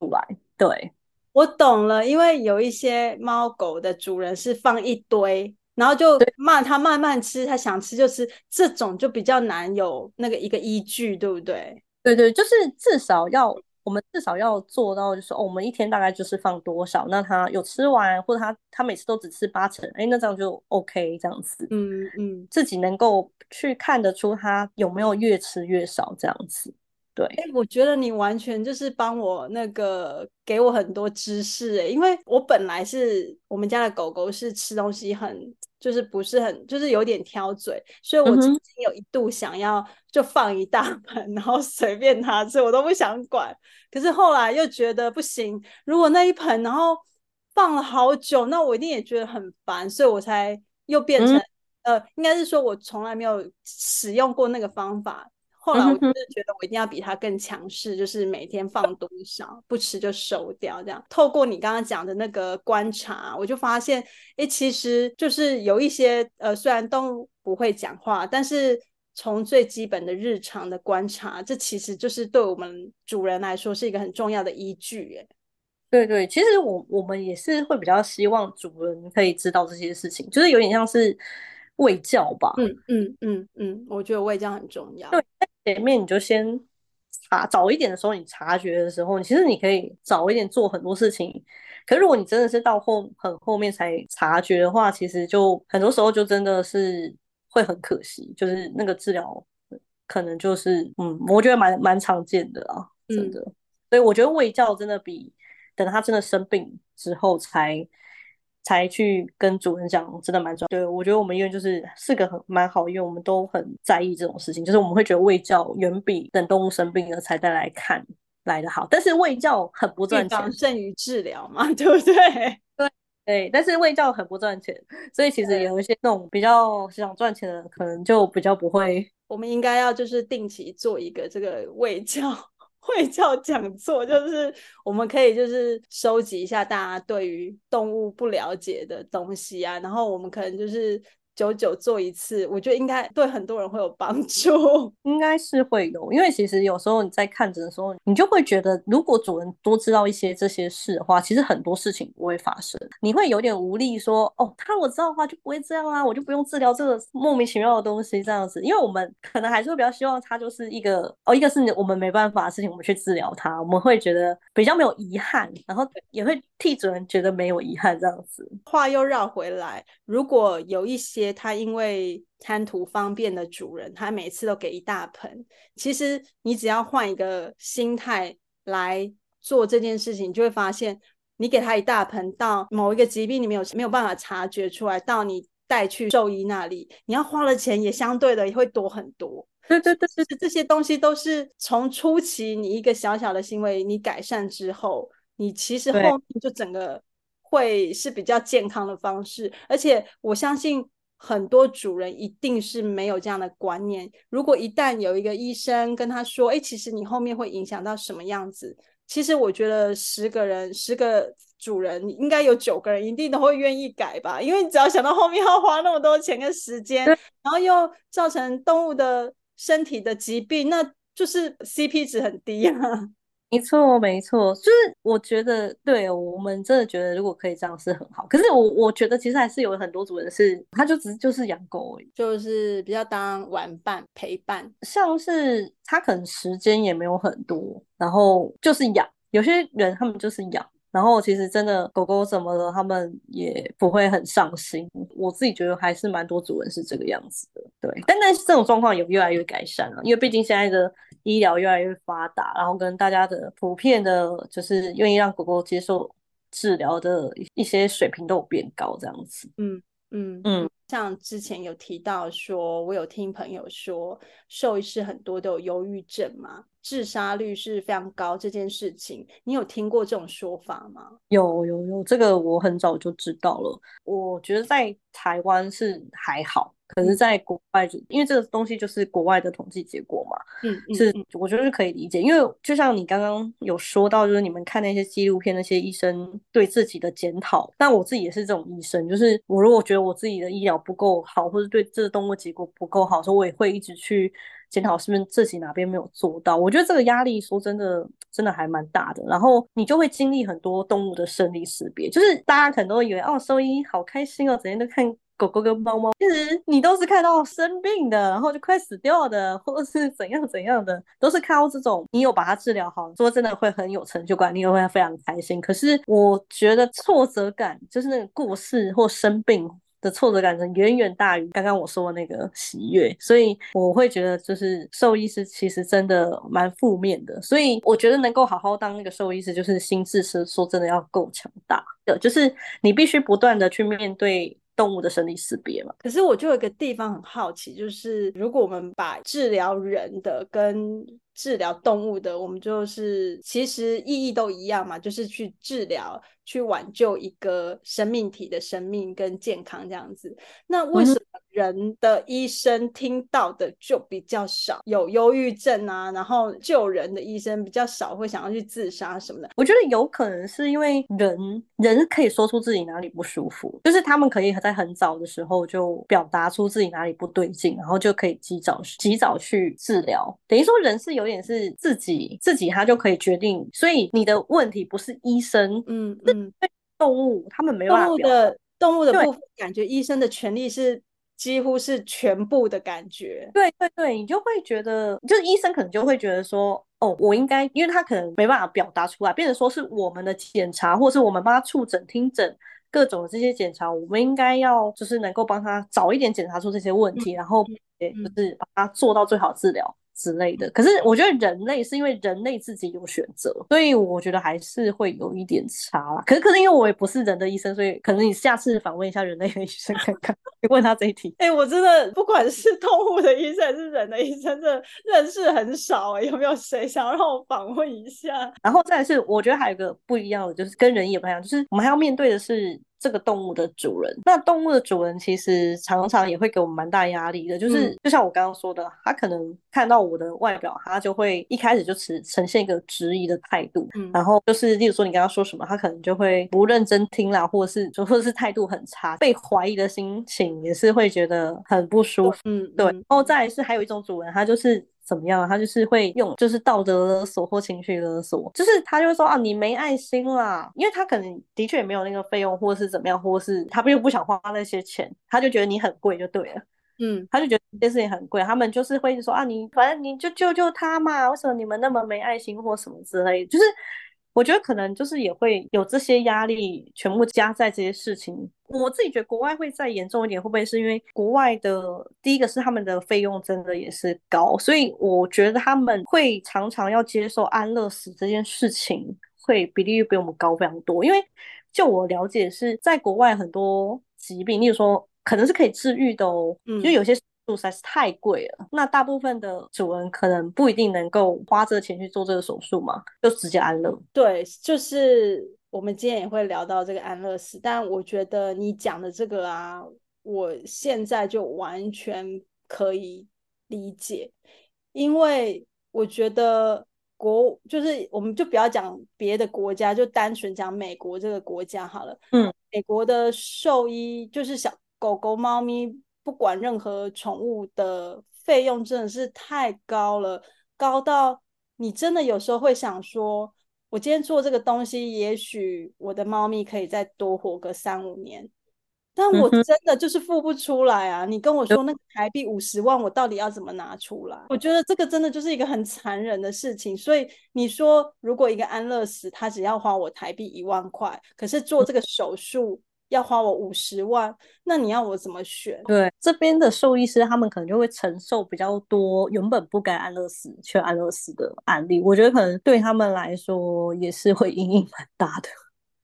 出來。對，我懂了。因為有一些貓狗的主人是放一堆，然後就罵它慢慢吃，它想吃就吃。這種就比較難有那個一個依據，對不對？對對，就是至少要。我們至少要做到，就是哦，我們一天大概就是放多少，那他有吃完，或者他他每次都只吃八成，哎、欸，那這樣就 OK，這樣子。嗯嗯，自己能夠去看得出他有沒有越吃越少這樣子。對，哎、欸，我覺得你完全就是幫我那個，給我很多知識哎、欸，因為我本來是我們家的狗狗是吃東西很，就是不是很，就是有點挑嘴，所以我曾經有一度想要就放一大盆，嗯、然後隨便它吃，我都不想管。可是後來又覺得不行，如果那一盆然後放了好久，那我一定也覺得很煩，所以我才又變成，嗯、呃，應該是說我從來沒有使用過那個方法。後來我就覺得我一定要比他更強勢，嗯、就是每天放多少，不吃就收掉，這樣。透過你剛剛講的那個觀察，我就發現，哎，其實就是有一些呃，雖然都不會講話，但是從最基本的日常的觀察，這其實就是對我們主人來說是一個很重要的依據。哎，對對，其實我我們也是會比較希望主人可以知道這些事情，就是有點像是。衛教吧嗯，嗯嗯嗯嗯，我覺得衛教很重要。對，在前面，你就先啊，早一點的時候，你察覺的時候，其實你可以早一點做很多事情。可是如果你真的是到後很後面才察覺的話，其實就很多時候就真的是會很可惜，就是那個治療可能就是嗯，我覺得蠻蠻常見的啊，真的。所、嗯、以我覺得衛教真的比等他真的生病之後才。才去跟主人講，真的蠻賺。對我覺得我們醫院就是四個很蠻好，因為我們都很在意這種事情。就是我們會覺得衛教遠比等動物生病了才再來看來的好，但是衛教很不賺錢。預防勝於治療嘛，對不對？對對，但是衛教很不賺錢，所以其實有一些那種比較想賺錢的人，可能就比較不會。嗯、我們應該要就是定期做一個這個衛教。衛教講座，就是我們可以就是收集一下大家對於動物不了解的東西啊，然後我們可能就是。久久做一次，我覺得應該對很多人會有幫助，應該是會有，因為其實有時候你在看診的時候，你就會覺得，如果主人多知道一些這些事的話，其實很多事情不會發生，你會有點無力說，哦，他我知道的話就不會這樣啊，我就不用治療這個莫名其妙的東西這樣子，因為我們可能還是會比較希望他就是一個，哦，一個是我們沒辦法的事情，我們去治療他，我們會覺得比較沒有遺憾，然後也會替主人覺得沒有遺憾這樣子。話又繞回來，如果有一些他因為貪圖方便的主人，他每次都給一大盆。其實你只要換一個心態來做這件事情，你就會發現，你給他一大盆，到某一個疾病你沒有沒有辦法察覺出來，到你帶去獸醫那裡，你要花的錢也相對的也會多很多。 這些東西都是從初期你一個小小的行為你改善之後，你其實後面就整個會是比較健康的方式，而且我相信。很多主人一定是沒有這樣的觀念。如果一旦有一個醫生跟他說：“誒，其實你後面會影響到什麼樣子？”其實我覺得十個人、十個主人，應該有九個人一定都會願意改吧。因為你只要想到後面要花那麼多錢跟時間，然後又造成動物的身體的疾病，那就是 CP 值很低啊。沒錯，沒錯，就是我覺得，對我們真的覺得，如果可以這樣是很好。可是我我覺得，其實還是有很多主人是，他就只是就是養狗而已，就是比較當玩伴、陪伴，像是他可能時間也沒有很多，然後就是養。有些人他們就是養。然後其實真的狗狗怎麼了，他們也不會很上心。我自己覺得還是蠻多主人是這個樣子的，對。但但是這種狀況也越來越改善了啊，因為畢竟現在的醫療越來越發達，然後跟大家的普遍的，就是願意讓狗狗接受治療的一一些水平都有變高，這樣子。嗯嗯嗯。嗯像之前有提到說，我有聽朋友說，獸醫師很多都有憂鬱症嘛，自殺率是非常高這件事情，你有聽過這種說法嗎？有有有，這個我很早就知道了。我覺得在台灣是還好。可是，在國外，因為這個東西就是國外的統計結果嘛，嗯，是，我覺得是可以理解。因為就像你剛剛有說到，就是你們看那些紀錄片，那些醫生對自己的檢討。但我自己也是這種醫生，就是我如果覺得我自己的醫療不夠好，或者對這個動物結果不夠好，所以我也會一直去檢討，是不是自己哪邊沒有做到。我覺得這個壓力說真的，真的還蠻大的。然後你就會經歷很多動物的生離死別，就是大家可能都會以為哦，獸醫好開心哦，整天都看。狗狗跟貓貓，其實你都是看到生病的，然後就快死掉的，或是怎樣怎樣的，都是靠這種。你有把它治療好，說真的會很有成就感，你也會非常開心。可是我覺得挫折感，就是那個過世或生病的挫折感，是遠遠大於剛剛我說的那個喜悅。所以我會覺得，就是獸醫師其實真的蠻負面的。所以我覺得能夠好好當那個獸醫師，就是心智是說真的要夠強大的，就是你必須不斷的去面對。動物的生離死別嘛，可是我就有一個地方很好奇，就是如果我們把治療人的跟治療動物的，我們就是其實意義都一樣嘛，就是去治療、去挽救一個生命體的生命跟健康這樣子。那為什麼人的醫生聽到的就比較少？嗯、有憂鬱症啊，然後救人的醫生比較少，會想要去自殺什麼的。我覺得有可能是因為人，人可以說出自己哪裡不舒服，就是他們可以在很早的時候就表達出自己哪裡不對勁，然後就可以及早、及早去治療。等於說，人是有。有點是自己自己，他就可以決定。所以你的問題不是醫生，嗯嗯，動物他們沒辦法表達。動物的部分感覺，醫生的權利是幾乎是全部的感覺。對對對，你就會覺得，就是醫生可能就會覺得說，哦，我應該，因為他可能沒辦法表達出來，變成說是我們的檢查，或是我們幫他觸診、聽診各種的這些檢查，我們應該要就是能夠幫他早一點檢查出這些問題，嗯、然後就是把它做到最好治療。嗯嗯之類的，可是我覺得人類是因為人類自己有選擇，所以我覺得還是會有一點差啦。可是可是因為我也不是人的醫生，所以可能你下次訪問一下人類的醫生看看， 問他這一題。哎、欸，我真的不管是動物的醫生還是人的醫生，真的認識很少、欸。有沒有誰想要讓我訪問一下？ 然後再來是，我覺得還有一個不一樣的，就是跟人也不一樣，就是我們還要面對的是。這個動物的主人，那動物的主人其實常常也會給我們蠻大壓力的，就是就像我剛剛說的，他可能看到我的外表，他就會一開始就持呈現一個質疑的態度，嗯，然後就是例如說你跟他說什麼，他可能就會不認真聽啦，或者是就或是態度很差，被懷疑的心情也是會覺得很不舒服，嗯，嗯，對，然後再來是還有一種主人，他就是。怎麼樣他就是會用，就是道德勒索或情緒勒索，就是他就會說啊，你沒愛心啦，因為他可能的確也沒有那個費用，或是怎麼樣，或是他不又不想花那些錢，他就覺得你很貴就對了，嗯，他就覺得這件事情很貴，他們就是會說啊，你反正你就救救他嘛，為什麼你們那麼沒愛心或什麼之類的，就是。我覺得可能就是也會有這些壓力，全部加在這些事情。我自己覺得國外會再嚴重一點，會不會是因為國外的，第一個是他們的費用真的也是高，所以我覺得他們會常常要接受安樂死這件事情，會比例比我們高非常多。因為就我了解是在國外很多疾病，例如說可能是可以治癒的哦，嗯，就有些。實在是太貴了，那大部分的主人可能不一定能夠花這個錢去做這個手術嘛，就直接安樂。對，就是我們今天也會聊到這個安樂死，但我覺得你講的這個啊，我現在就完全可以理解，因為我覺得國就是我們就不要講別的國家，就單純講美國這個國家好了。嗯，美國的獸醫就是小狗狗、貓咪。不管任何寵物的費用真的是太高了，高到你真的有時候會想說，我今天做這個東西，也許我的貓咪可以再多活個三五年，但我真的就是付不出來啊！你跟我說那個台幣五十萬，我到底要怎麼拿出來？我覺得這個真的就是一個很殘忍的事情。所以你說，如果一個安樂死，他只要花我台幣一萬塊，可是做這個手術，要花我五十萬，那你要我怎麼選？對這邊的獸醫師，他們可能就會承受比較多原本不該安樂死卻安樂死的案例，我覺得可能對他們來說也是會陰影蠻大的。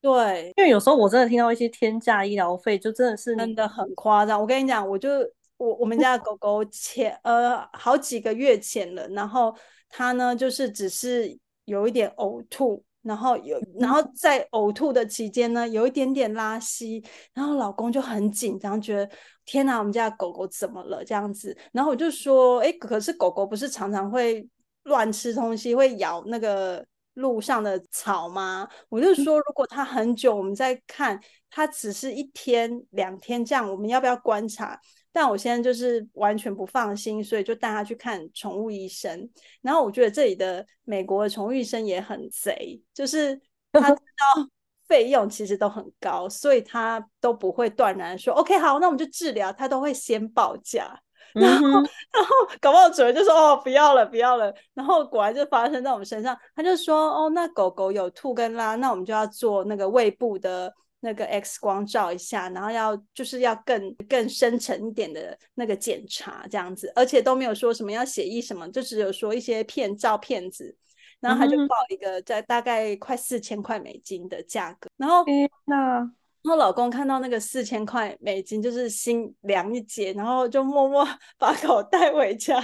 對，因為有時候我真的聽到一些天價醫療費，就真的是真的很誇張。我跟你講，我就我我們家的狗狗前，嗯，呃好幾個月前了，然後它呢就是只是有一點嘔吐。然後有，然後在嘔吐的期間呢，有一點點拉稀，然後老公就很緊張，覺得天哪，我們家狗狗怎麼了這樣子？然後我就說，哎，可是狗狗不是常常會亂吃東西，會咬那個路上的草嗎？我就說，如果它很久我們再看，它只是一天兩天這樣，我們要不要觀察？但我現在就是完全不放心，所以就帶他去看寵物醫生。然後我覺得這裡的美國的寵物醫生也很賊，就是他知道費用其實都很高，所以他都不會斷然說 “OK，好，那我們就治療”。他都會先報價。嗯，然後然後搞不好主人就說“哦，不要了，不要了”。然後果然就發生在我們身上。他就說：“哦，那狗狗有吐跟拉，那我們就要做那個胃部的。”那個 X 光照一下，然後要就是要更更深層一點的那個檢查這樣子，而且都沒有說什麼要寫意什麼，就只有說一些片照片子，然後他就報一個在大概快四千塊美金的價格，然後那。嗯嗯然後老公看到那個四千塊美金，就是心涼一截，然後就默默把狗帶回家。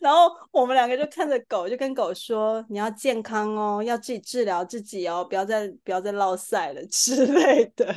然後我們兩個就看着狗，就跟狗說：“你要健康哦，要自己治療自己哦，不要再不要再落賽了之類的。”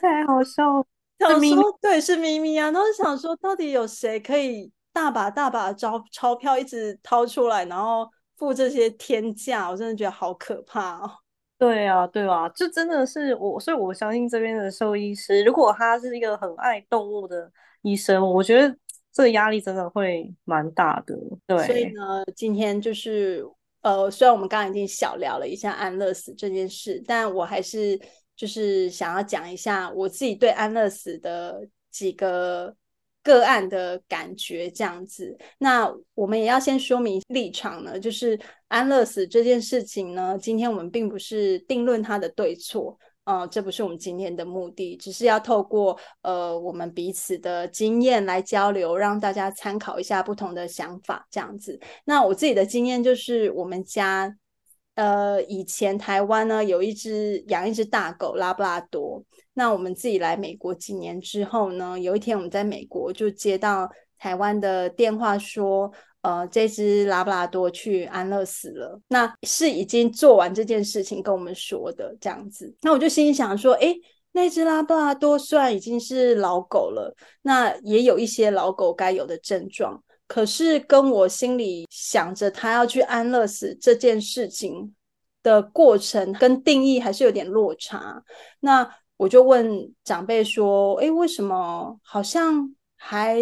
太好笑！想說，咪咪，對，是咪咪啊，然後就想說到底有誰可以大把大把鈔鈔票一直掏出來，然後付這些天價？我真的覺得好可怕哦。對啊，對啊，這真的是我，所以我相信這邊的獸醫師，如果他是一個很愛動物的醫生，我覺得這個壓力真的會蠻大的。對，所以呢，今天就是呃，雖然我們剛剛已經小聊了一下安樂死這件事，但我還是就是想要講一下我自己對安樂死的幾個個案的感覺這樣子，那我們也要先說明立場呢，就是安樂死這件事情呢，今天我們並不是定論它的對錯啊，呃，這不是我們今天的目的，只是要透過呃我們彼此的經驗來交流，讓大家參考一下不同的想法這樣子。那我自己的經驗就是，我們家呃以前台灣呢有一隻養一隻大狗拉布拉多。那我們自己來美國幾年之後呢？有一天我們在美國就接到台灣的電話，說：“呃，這只拉布拉多去安樂死了。”那是已經做完這件事情跟我們說的這樣子。那我就心裡想說：“哎，那只拉布拉多雖然已經是老狗了，那也有一些老狗該有的症狀，可是跟我心裡想着它要去安樂死這件事情的過程跟定義還是有點落差。”那。我就問長輩說：“誒，為什麼好像還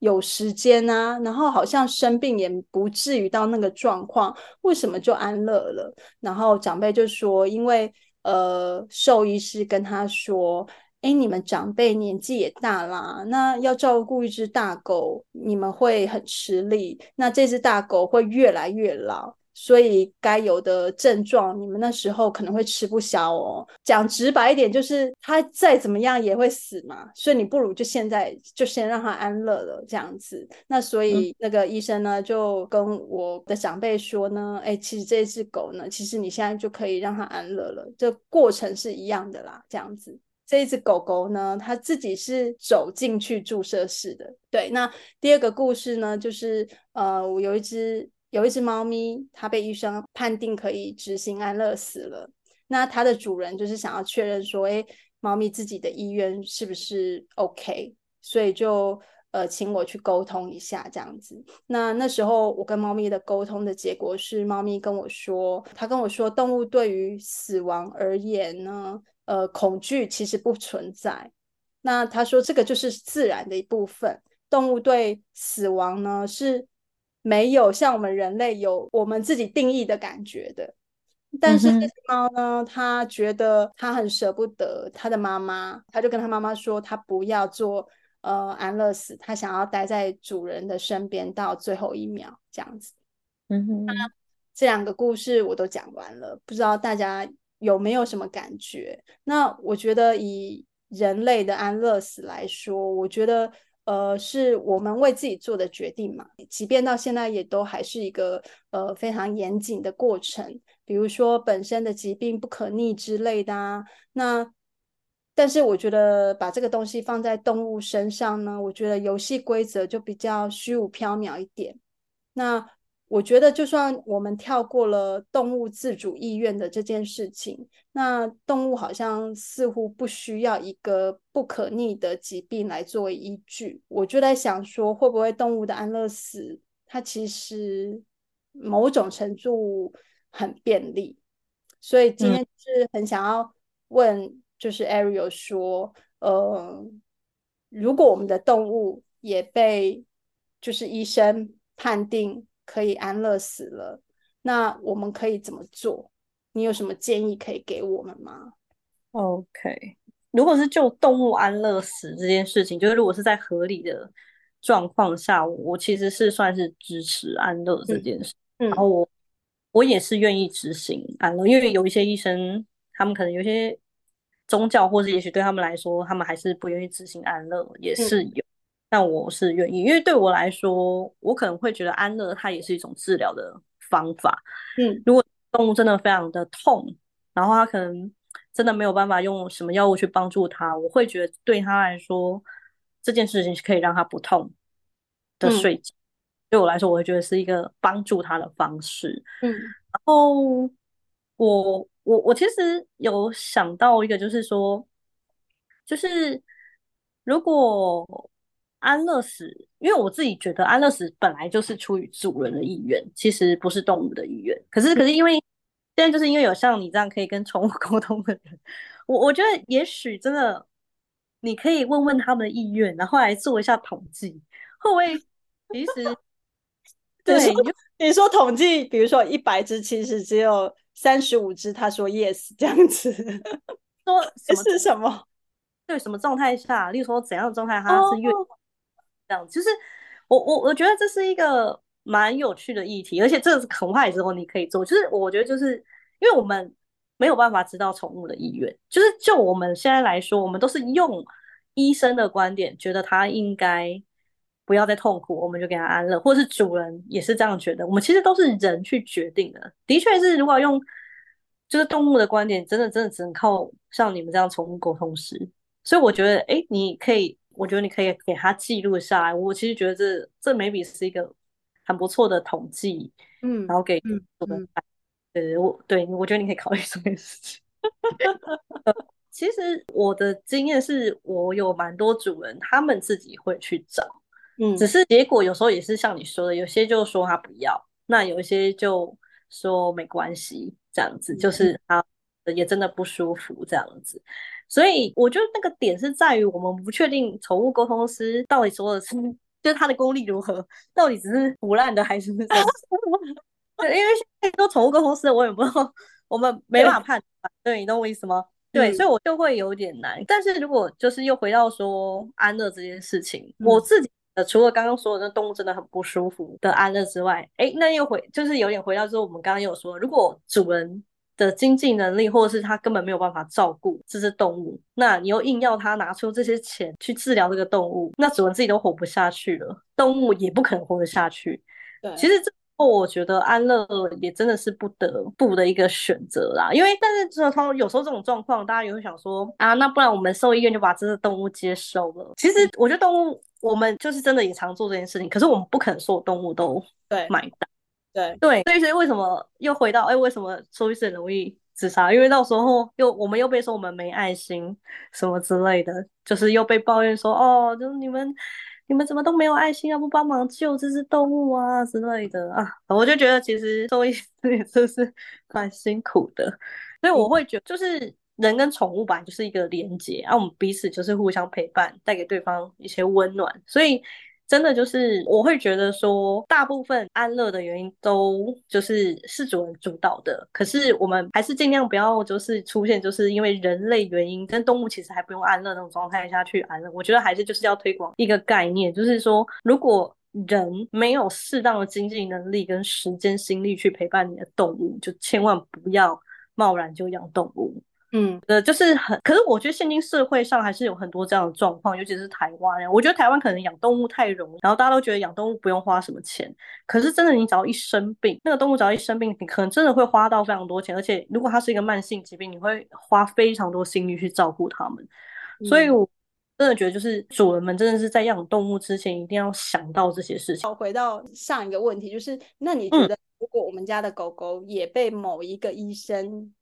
有時間啊？然後好像生病也不至於到那個狀況，為什麼就安樂了？”然後長輩就說：“因為呃，獸醫師跟他說，誒，你們長輩年紀也大啦，那要照顧一隻大狗，你們會很吃力。那這隻大狗會越來越老。”所以該有的症狀，你們那時候可能會吃不消哦。講直白一點，就是它再怎麼樣也會死嘛，所以你不如就現在就先讓它安樂了，這樣子。那所以那個醫生呢，就跟我的長輩說呢，哎，其實這隻狗呢，其實你現在就可以讓它安樂了，這過程是一樣的啦，這樣子。這一隻狗狗呢，它自己是走進去注射室的。對，那第二個故事呢，就是呃，我有一隻。有一隻貓咪，它被醫生判定可以執行安樂死了。那它的主人就是想要確認說，誒、欸，貓咪自己的意願是不是 OK？所以就呃請我去溝通一下這樣子。那那時候我跟貓咪的溝通的結果是，貓咪跟我說，他跟我說，動物對於死亡而言呢，呃，恐懼其實不存在。那他說這個就是自然的一部分。動物對死亡呢是。沒有像我們人類有我們自己定義的感覺的，但是這隻貓呢，它、嗯、覺得它很捨不得它的媽媽，它就跟它媽媽說，它不要做呃安樂死，它想要待在主人的身邊到最後一秒這樣子。嗯哼，那這兩個故事我都講完了，不知道大家有沒有什麼感覺？那我覺得以人類的安樂死來說，我覺得。呃，是我們為自己做的決定嘛，即便到現在，也都還是一個呃非常嚴謹的過程。比如說，本身的疾病不可逆之類的啊，那但是我覺得把這個東西放在動物身上呢，我覺得遊戲規則就比較虛無縹緲一點。那。我覺得，就算我們跳過了動物自主意願的這件事情，那動物好像似乎不需要一個不可逆的疾病來作為依據。我就在想說，會不會動物的安樂死，它其實某種程度很便利。所以今天是很想要問，就是 Ariel 說，呃，如果我們的動物也被就是醫生判定。可以安樂死了，那我們可以怎麼做？你有什麼建議可以給我們嗎？OK，如果是就動物安樂死這件事情，就是如果是在合理的狀況下，我其實是算是支持安樂這件事，嗯嗯、然後我我也是願意執行安樂，因為有一些醫生，他們可能有些宗教，或者也許對他們來說，他們還是不願意執行安樂，也是有。嗯但我是願意，因為對我來說，我可能會覺得安樂它，也是一種治療的方法。嗯，如果動物真的非常的痛，然後它可能真的沒有辦法用什麼藥物去幫助它，我會覺得對他來說，這件事情是可以讓他不痛的睡覺。嗯。對我來說，我會覺得是一個幫助他的方式。嗯，然後我我我其實有想到一個，就是說，就是如果。安樂死，因為我自己覺得安樂死本來就是出於主人的意願，其實不是動物的意願。可是，可是因為、嗯、現在就是因為有像你這樣可以跟寵物溝通的人，我我覺得也許真的你可以問問他們的意願，然後來做一下統計，會不會其實 對說你說統計，比如說一百隻，其實只有三十五隻，他說 yes 這樣子，說什是什麼？對什麼狀態下？例如說怎樣的狀態下，他是願。這樣，就是我我我覺得這是一個蠻有趣的議題，而且這是很壞的時候你可以做。就是我覺得就是因為我們沒有辦法知道寵物的意願，就是就我們現在來說，我們都是用醫生的觀點，覺得他應該不要再痛苦，我們就給他安樂，或者是主人也是這樣覺得。我們其實都是人去決定的，的確是如果用就是動物的觀點，真的真的只能靠像你們這樣寵物溝通師。所以我覺得，哎、欸，你可以。我覺得你可以給他記錄下來。我其實覺得這這眉筆是一個很不錯的統計，嗯，然後給主、就、們、是嗯嗯、呃，我對，我覺得你可以考慮這件事情。 其實我的經驗是我有蠻多主人，他們自己會去找，嗯，只是結果有時候也是像你說的，有些就說他不要，那有一些就說沒關係，這樣子、嗯、就是他也真的不舒服這樣子。所以我覺得那個點是在於我們不確定寵物溝通師到底說的是，嗯，就他的功力如何，到底只是胡亂的，還是那種。 對，因為現在說寵物溝通師，我也不知道，我們沒辦法判斷。對，你懂我意思嗎？對，嗯，所以我就會有點難。但是如果就是又回到說安樂這件事情，嗯，我自己除了剛剛說的那動物真的很不舒服的安樂之外，哎，欸，那又回就是有點回到說我們剛剛有說，如果主人的經濟能力，或者是他根本沒有辦法照顧這隻動物，那你又硬要他拿出這些錢去治療這個動物，那主人自己都活不下去了，動物也不可能活得下去。對，其實這時候我覺得安樂也真的是不得不的一個選擇啦，因為但是其實他有時候這種狀況，大家也會想說啊，那不然我們獸醫院就把這隻動物接收了。其實我覺得動物我們就是真的也常做這件事情，可是我們不可能所有動物都買單。對對對，所以說為什麼又回到哎、欸？為什麼獸醫師容易自殺？因為到時候又我們又被說我們沒愛心什麼之類的，就是又被抱怨說哦，就是你們你們怎麼都沒有愛心啊，要不幫忙救這只動物啊之類的啊。我就覺得其實獸醫師也就是蠻辛苦的，所以我會覺得就是人跟寵物本來，就是一個連結那、啊、我們彼此就是互相陪伴，帶給對方一些溫暖，所以。真的就是，我會覺得說，大部分安樂的原因都就是是主人主導的。可是我們還是盡量不要，就是出現就是因為人類原因，但動物其實還不用安樂那種狀態下去安樂。我覺得還是就是要推廣一個概念，就是說，如果人沒有適當的經濟能力跟時間心力去陪伴你的動物，就千萬不要貿然就養動物。嗯，呃、嗯，就是很，可是我覺得現今社會上還是有很多這樣的狀況，尤其是台灣。我覺得台灣可能養動物太容易，然後大家都覺得養動物不用花什麼錢。可是真的，你只要一生病，那個動物只要一生病，你可能真的會花到非常多錢。而且如果它是一個慢性疾病，你會花非常多心力去照顧它們，嗯。所以，我真的覺得，就是主人們真的是在養動物之前，一定要想到這些事情。回到上一個問題，就是那你覺得，如果我們家的狗狗也被某一個醫生、嗯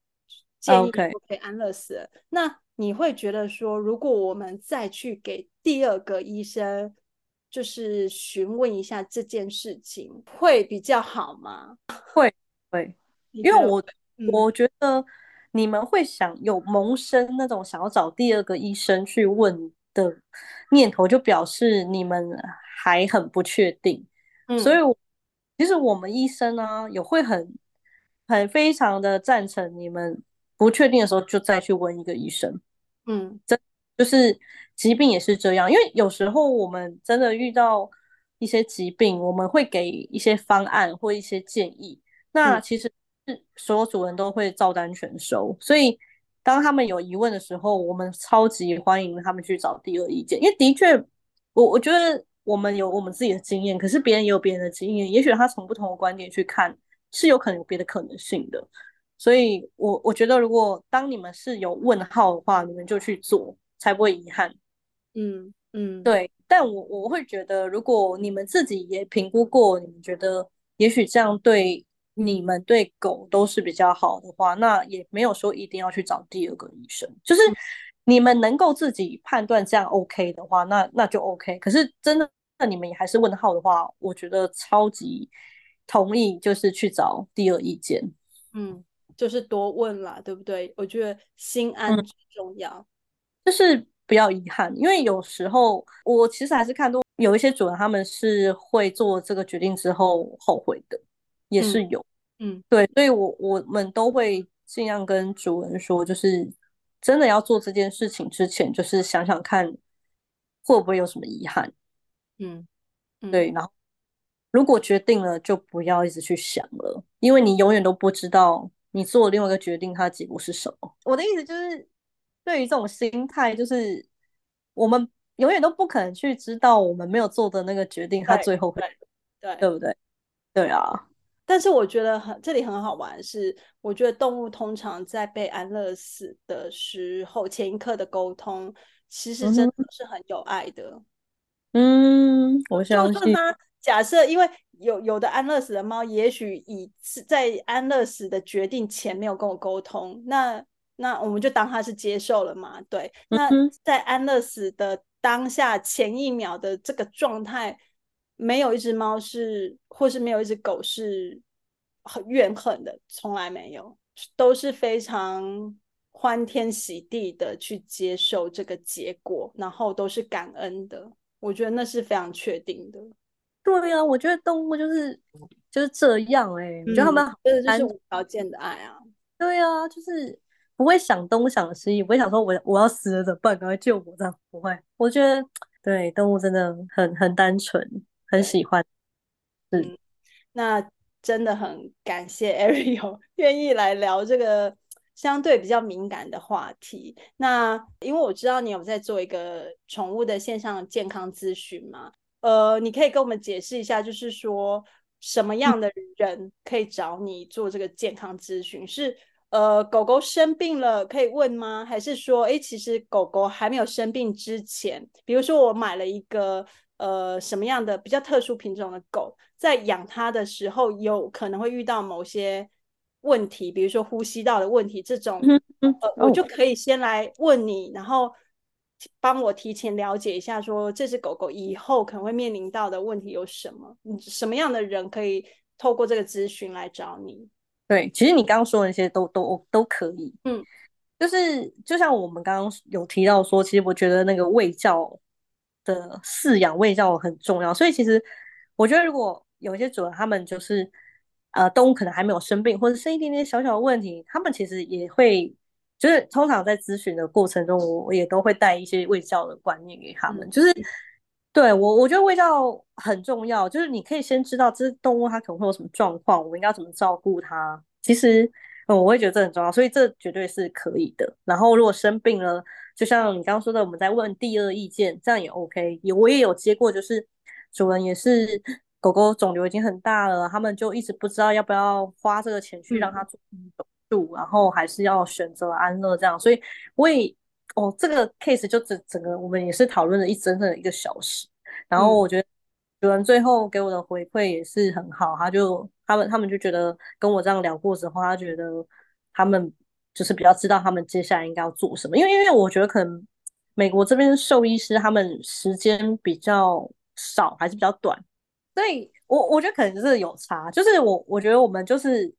建議可以安樂死了。Okay. 那你會覺得說，如果我們再去給第二個醫生，就是詢問一下這件事情，會比較好嗎？會會，因為我、嗯、我覺得你們會想有萌生那種想要找第二個醫生去問的念頭，就表示你們還很不確定。嗯，所以我，其實我們醫生呢、啊，也會很很非常的贊成你們。不確定的時候就再去問一個醫生，嗯，就是疾病也是這樣，因為有時候我們真的遇到一些疾病，我們會給一些方案或一些建議。那其實所有主人都會照單全收，所以當他們有疑問的時候，我們超級歡迎他們去找第二意見，因為的確，我我覺得我們有我們自己的經驗，可是別人也有別人的經驗，也許他從不同的觀點去看，是有可能有別的可能性的。所以我，我我覺得，如果當你們是有問號的話，你們就去做，才不會遺憾。嗯嗯，對。但我我會覺得，如果你們自己也評估過，你們覺得也許這樣對你們對狗都是比較好的話，那也沒有說一定要去找第二個醫生。嗯、就是你們能夠自己判斷這樣 OK 的話，那那就 OK。可是真的，那你們也還是問號的話，我覺得超級同意，就是去找第二意見。嗯。就是多問了，對不對？我覺得心安最重要，嗯、就是不要遺憾，因為有時候我其實還是看多有一些主人，他們是會做這個決定之後後悔的，也是有，嗯，嗯對，所以我我們都會盡量跟主人說，就是真的要做這件事情之前，就是想想看會不會有什麼遺憾，嗯，嗯對，然後如果決定了，就不要一直去想了，因為你永遠都不知道。你做另外一個決定，它的結果是什麼？我的意思就是，對於這種心態，就是我們永遠都不可能去知道我們沒有做的那個決定，它最後會，對對,對,對不對？對啊。但是我覺得很這裡很好玩是，是我覺得動物通常在被安樂死的時候，前一刻的溝通，其實真的是很有愛的。嗯，嗯，我相信。就是假設，因為有有的安樂死的貓，也許已是在安樂死的決定前沒有跟我溝通，那那我們就當它是接受了嘛，對。那在安樂死的當下前一秒的這個狀態，沒有一隻貓是，或是沒有一隻狗是很怨恨的，從來沒有，都是非常歡天喜地的去接受這個結果，然後都是感恩的，我覺得那是非常確定的。對呀、啊，我覺得動物就是就是這樣哎、欸，你、嗯、覺得它們真的就是無條件的愛啊。對啊，就是不會想東想西，不會想說我我要死了怎麼辦，趕快救我這樣，不會。我覺得對動物真的很很單純，很喜歡。嗯，那真的很感謝 Ariel 有願意來聊這個相對比較敏感的話題。那因為我知道你有在做一個寵物的線上的健康諮詢嗎？呃，你可以跟我們解釋一下，就是說什麼樣的人可以找你做這個健康諮詢？是呃，狗狗生病了可以問嗎？還是說，哎、欸，其實狗狗還沒有生病之前，比如說我買了一個呃什麼樣的比較特殊品種的狗，在養它的時候有可能會遇到某些問題，比如說呼吸道的問題這種，呃，我就可以先來問你，然後。幫我提前了解一下說，說這只狗狗以後可能會面臨到的問題有什麼？你什麼樣的人可以透過這個諮詢來找你？對，其實你剛剛說的那些都都都可以。嗯，就是就像我們剛剛有提到說，其實我覺得那個衛教的飼養衛教很重要。所以其實我覺得，如果有一些主人他們就是呃動物可能還沒有生病，或者是生一點點小小的問題，他們其實也會。就是通常在諮詢的過程中，我也都會帶一些衛教的觀念給他們、嗯。就是對，我，我覺得衛教很重要。就是你可以先知道這動物它可能會有什麼狀況，我們應該怎麼照顧它。其實、嗯、我會覺得這很重要，所以這絕對是可以的。然後如果生病了，就像你剛剛說的，我們在問第二意見，這樣也 OK。我也有接過，就是主人也是狗狗腫瘤已經很大了，他們就一直不知道要不要花這個錢去讓它做動然後還是要選擇安樂這樣，所以我也哦，這個 case 就整整個我們也是討論了一整整一個小時。然後我覺得主人最後給我的回饋也是很好，他就他們他們就覺得跟我這樣聊過之後，他覺得他們就是比較知道他們接下來應該要做什麼。因為因為我覺得可能美國這邊的獸醫師他們時間比較少，還是比較短，所以我我覺得可能就是有差。就是我我覺得我們就是。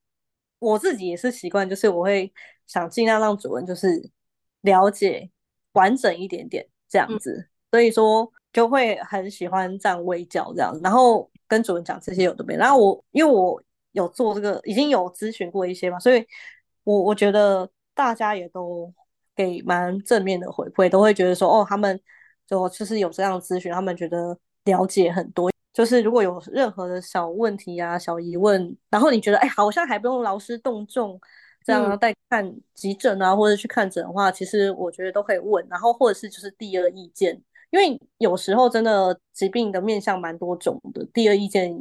我自己也是習慣，就是我會想盡量讓主人就是了解完整一點點這樣子，嗯、所以說就會很喜歡做衛教這樣子，然後跟主人講這些有的沒的。然後我因為我有做這個已經有諮詢過一些嘛，所以我我覺得大家也都給蠻正面的回饋，都會覺得說哦，他們就就是有這樣諮詢，他們覺得了解很多。就是如果有任何的小問題啊、小疑問，然後你覺得哎、欸、好像還不用勞師動眾這樣帶、嗯、看急診啊或者去看診的話，其實我覺得都可以問，然後或者是就是第二意見，因為有時候真的疾病的面向蠻多種的，第二意見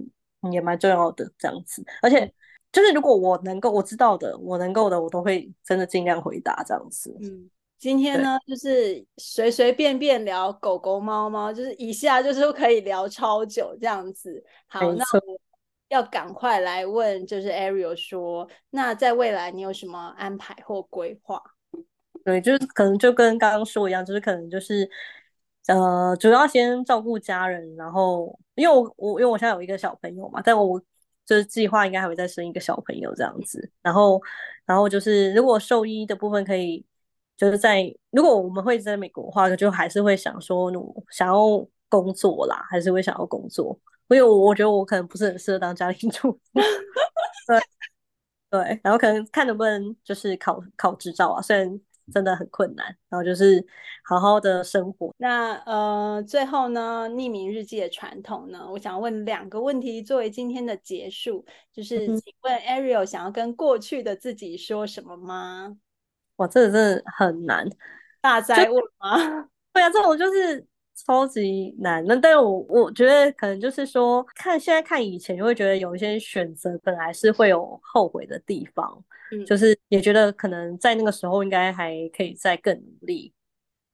也蠻重要的這樣子。而且就是如果我能夠我知道的，我能夠的，我都會真的盡量回答這樣子。嗯。今天呢，就是隨隨便便聊狗狗、貓貓，就是一下就是可以聊超久這樣子。好，那我要趕快來問，就是 Ariel 說，那在未來你有什麼安排或規劃？對，就是可能就跟剛剛說一樣，就是可能就是呃，主要先照顧家人，然後因為我我因為我現在有一個小朋友嘛，但我就是計劃應該還會再生一個小朋友這樣子。然後，然後就是如果獸醫的部分可以，就是在如果我們會在美國的話，就還是會想說想要工作啦，還是會想要工作，因為我覺得我可能不是很適合當家庭主婦。 對對，然後可能看能不能就是考考執照啊，雖然真的很困難，然後就是好好的生活。那呃，最後呢，匿名日記的傳統呢，我想問兩個問題作為今天的結束，就是請問 Ariel 想要跟過去的自己說什麼嗎？ 哇，這個真的很難，大哉問嗎？ 對啊，這種就是超級難。那但我我覺得可能就是說，看現在看以前，就會覺得有一些選擇本來是會有後悔的地方，嗯，就是也覺得可能在那個時候應該還可以再更努力。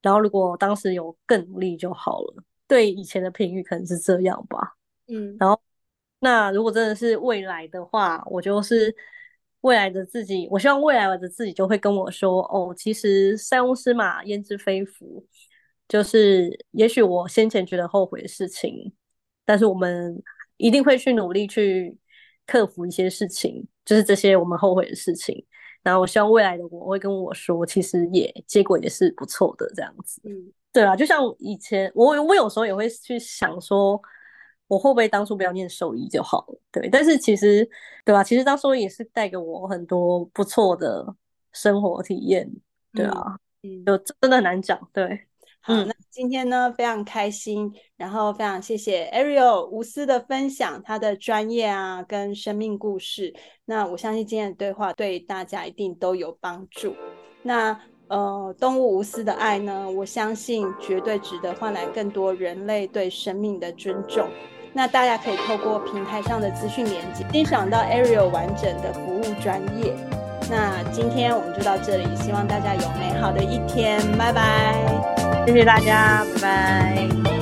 然後如果當時有更努力就好了。對以前的評語可能是這樣吧，嗯。然後那如果真的是未來的話，我就是。未來的自己，我希望未來的自己就會跟我說：“哦，其實塞翁失馬焉知非福，就是也許我先前覺得後悔的事情，但是我們一定會去努力去克服一些事情，就是這些我們後悔的事情。然後我希望未來的我會跟我說，其實也結果也是不錯的這樣子。嗯，對啊，就像以前我我有時候也會去想說。”我會不會當初不要念獸醫就好了？對，但是其實，對吧？啊？其實當初也是帶給我很多不錯的生活體驗。對啊，有、嗯、真的難講。對、嗯，好，那今天呢，非常開心，然後非常謝謝 Ariel 無私的分享他的專業啊，跟生命故事。那我相信今天的對話對大家一定都有幫助。那呃，動物無私的愛呢，我相信絕對值得換來更多人類對生命的尊重。那大家可以透過平台上的資訊連接，欣賞到 Ariel 完整的服務專業。那今天我們就到這裡，希望大家有美好的一天，拜拜！謝謝大家，拜拜。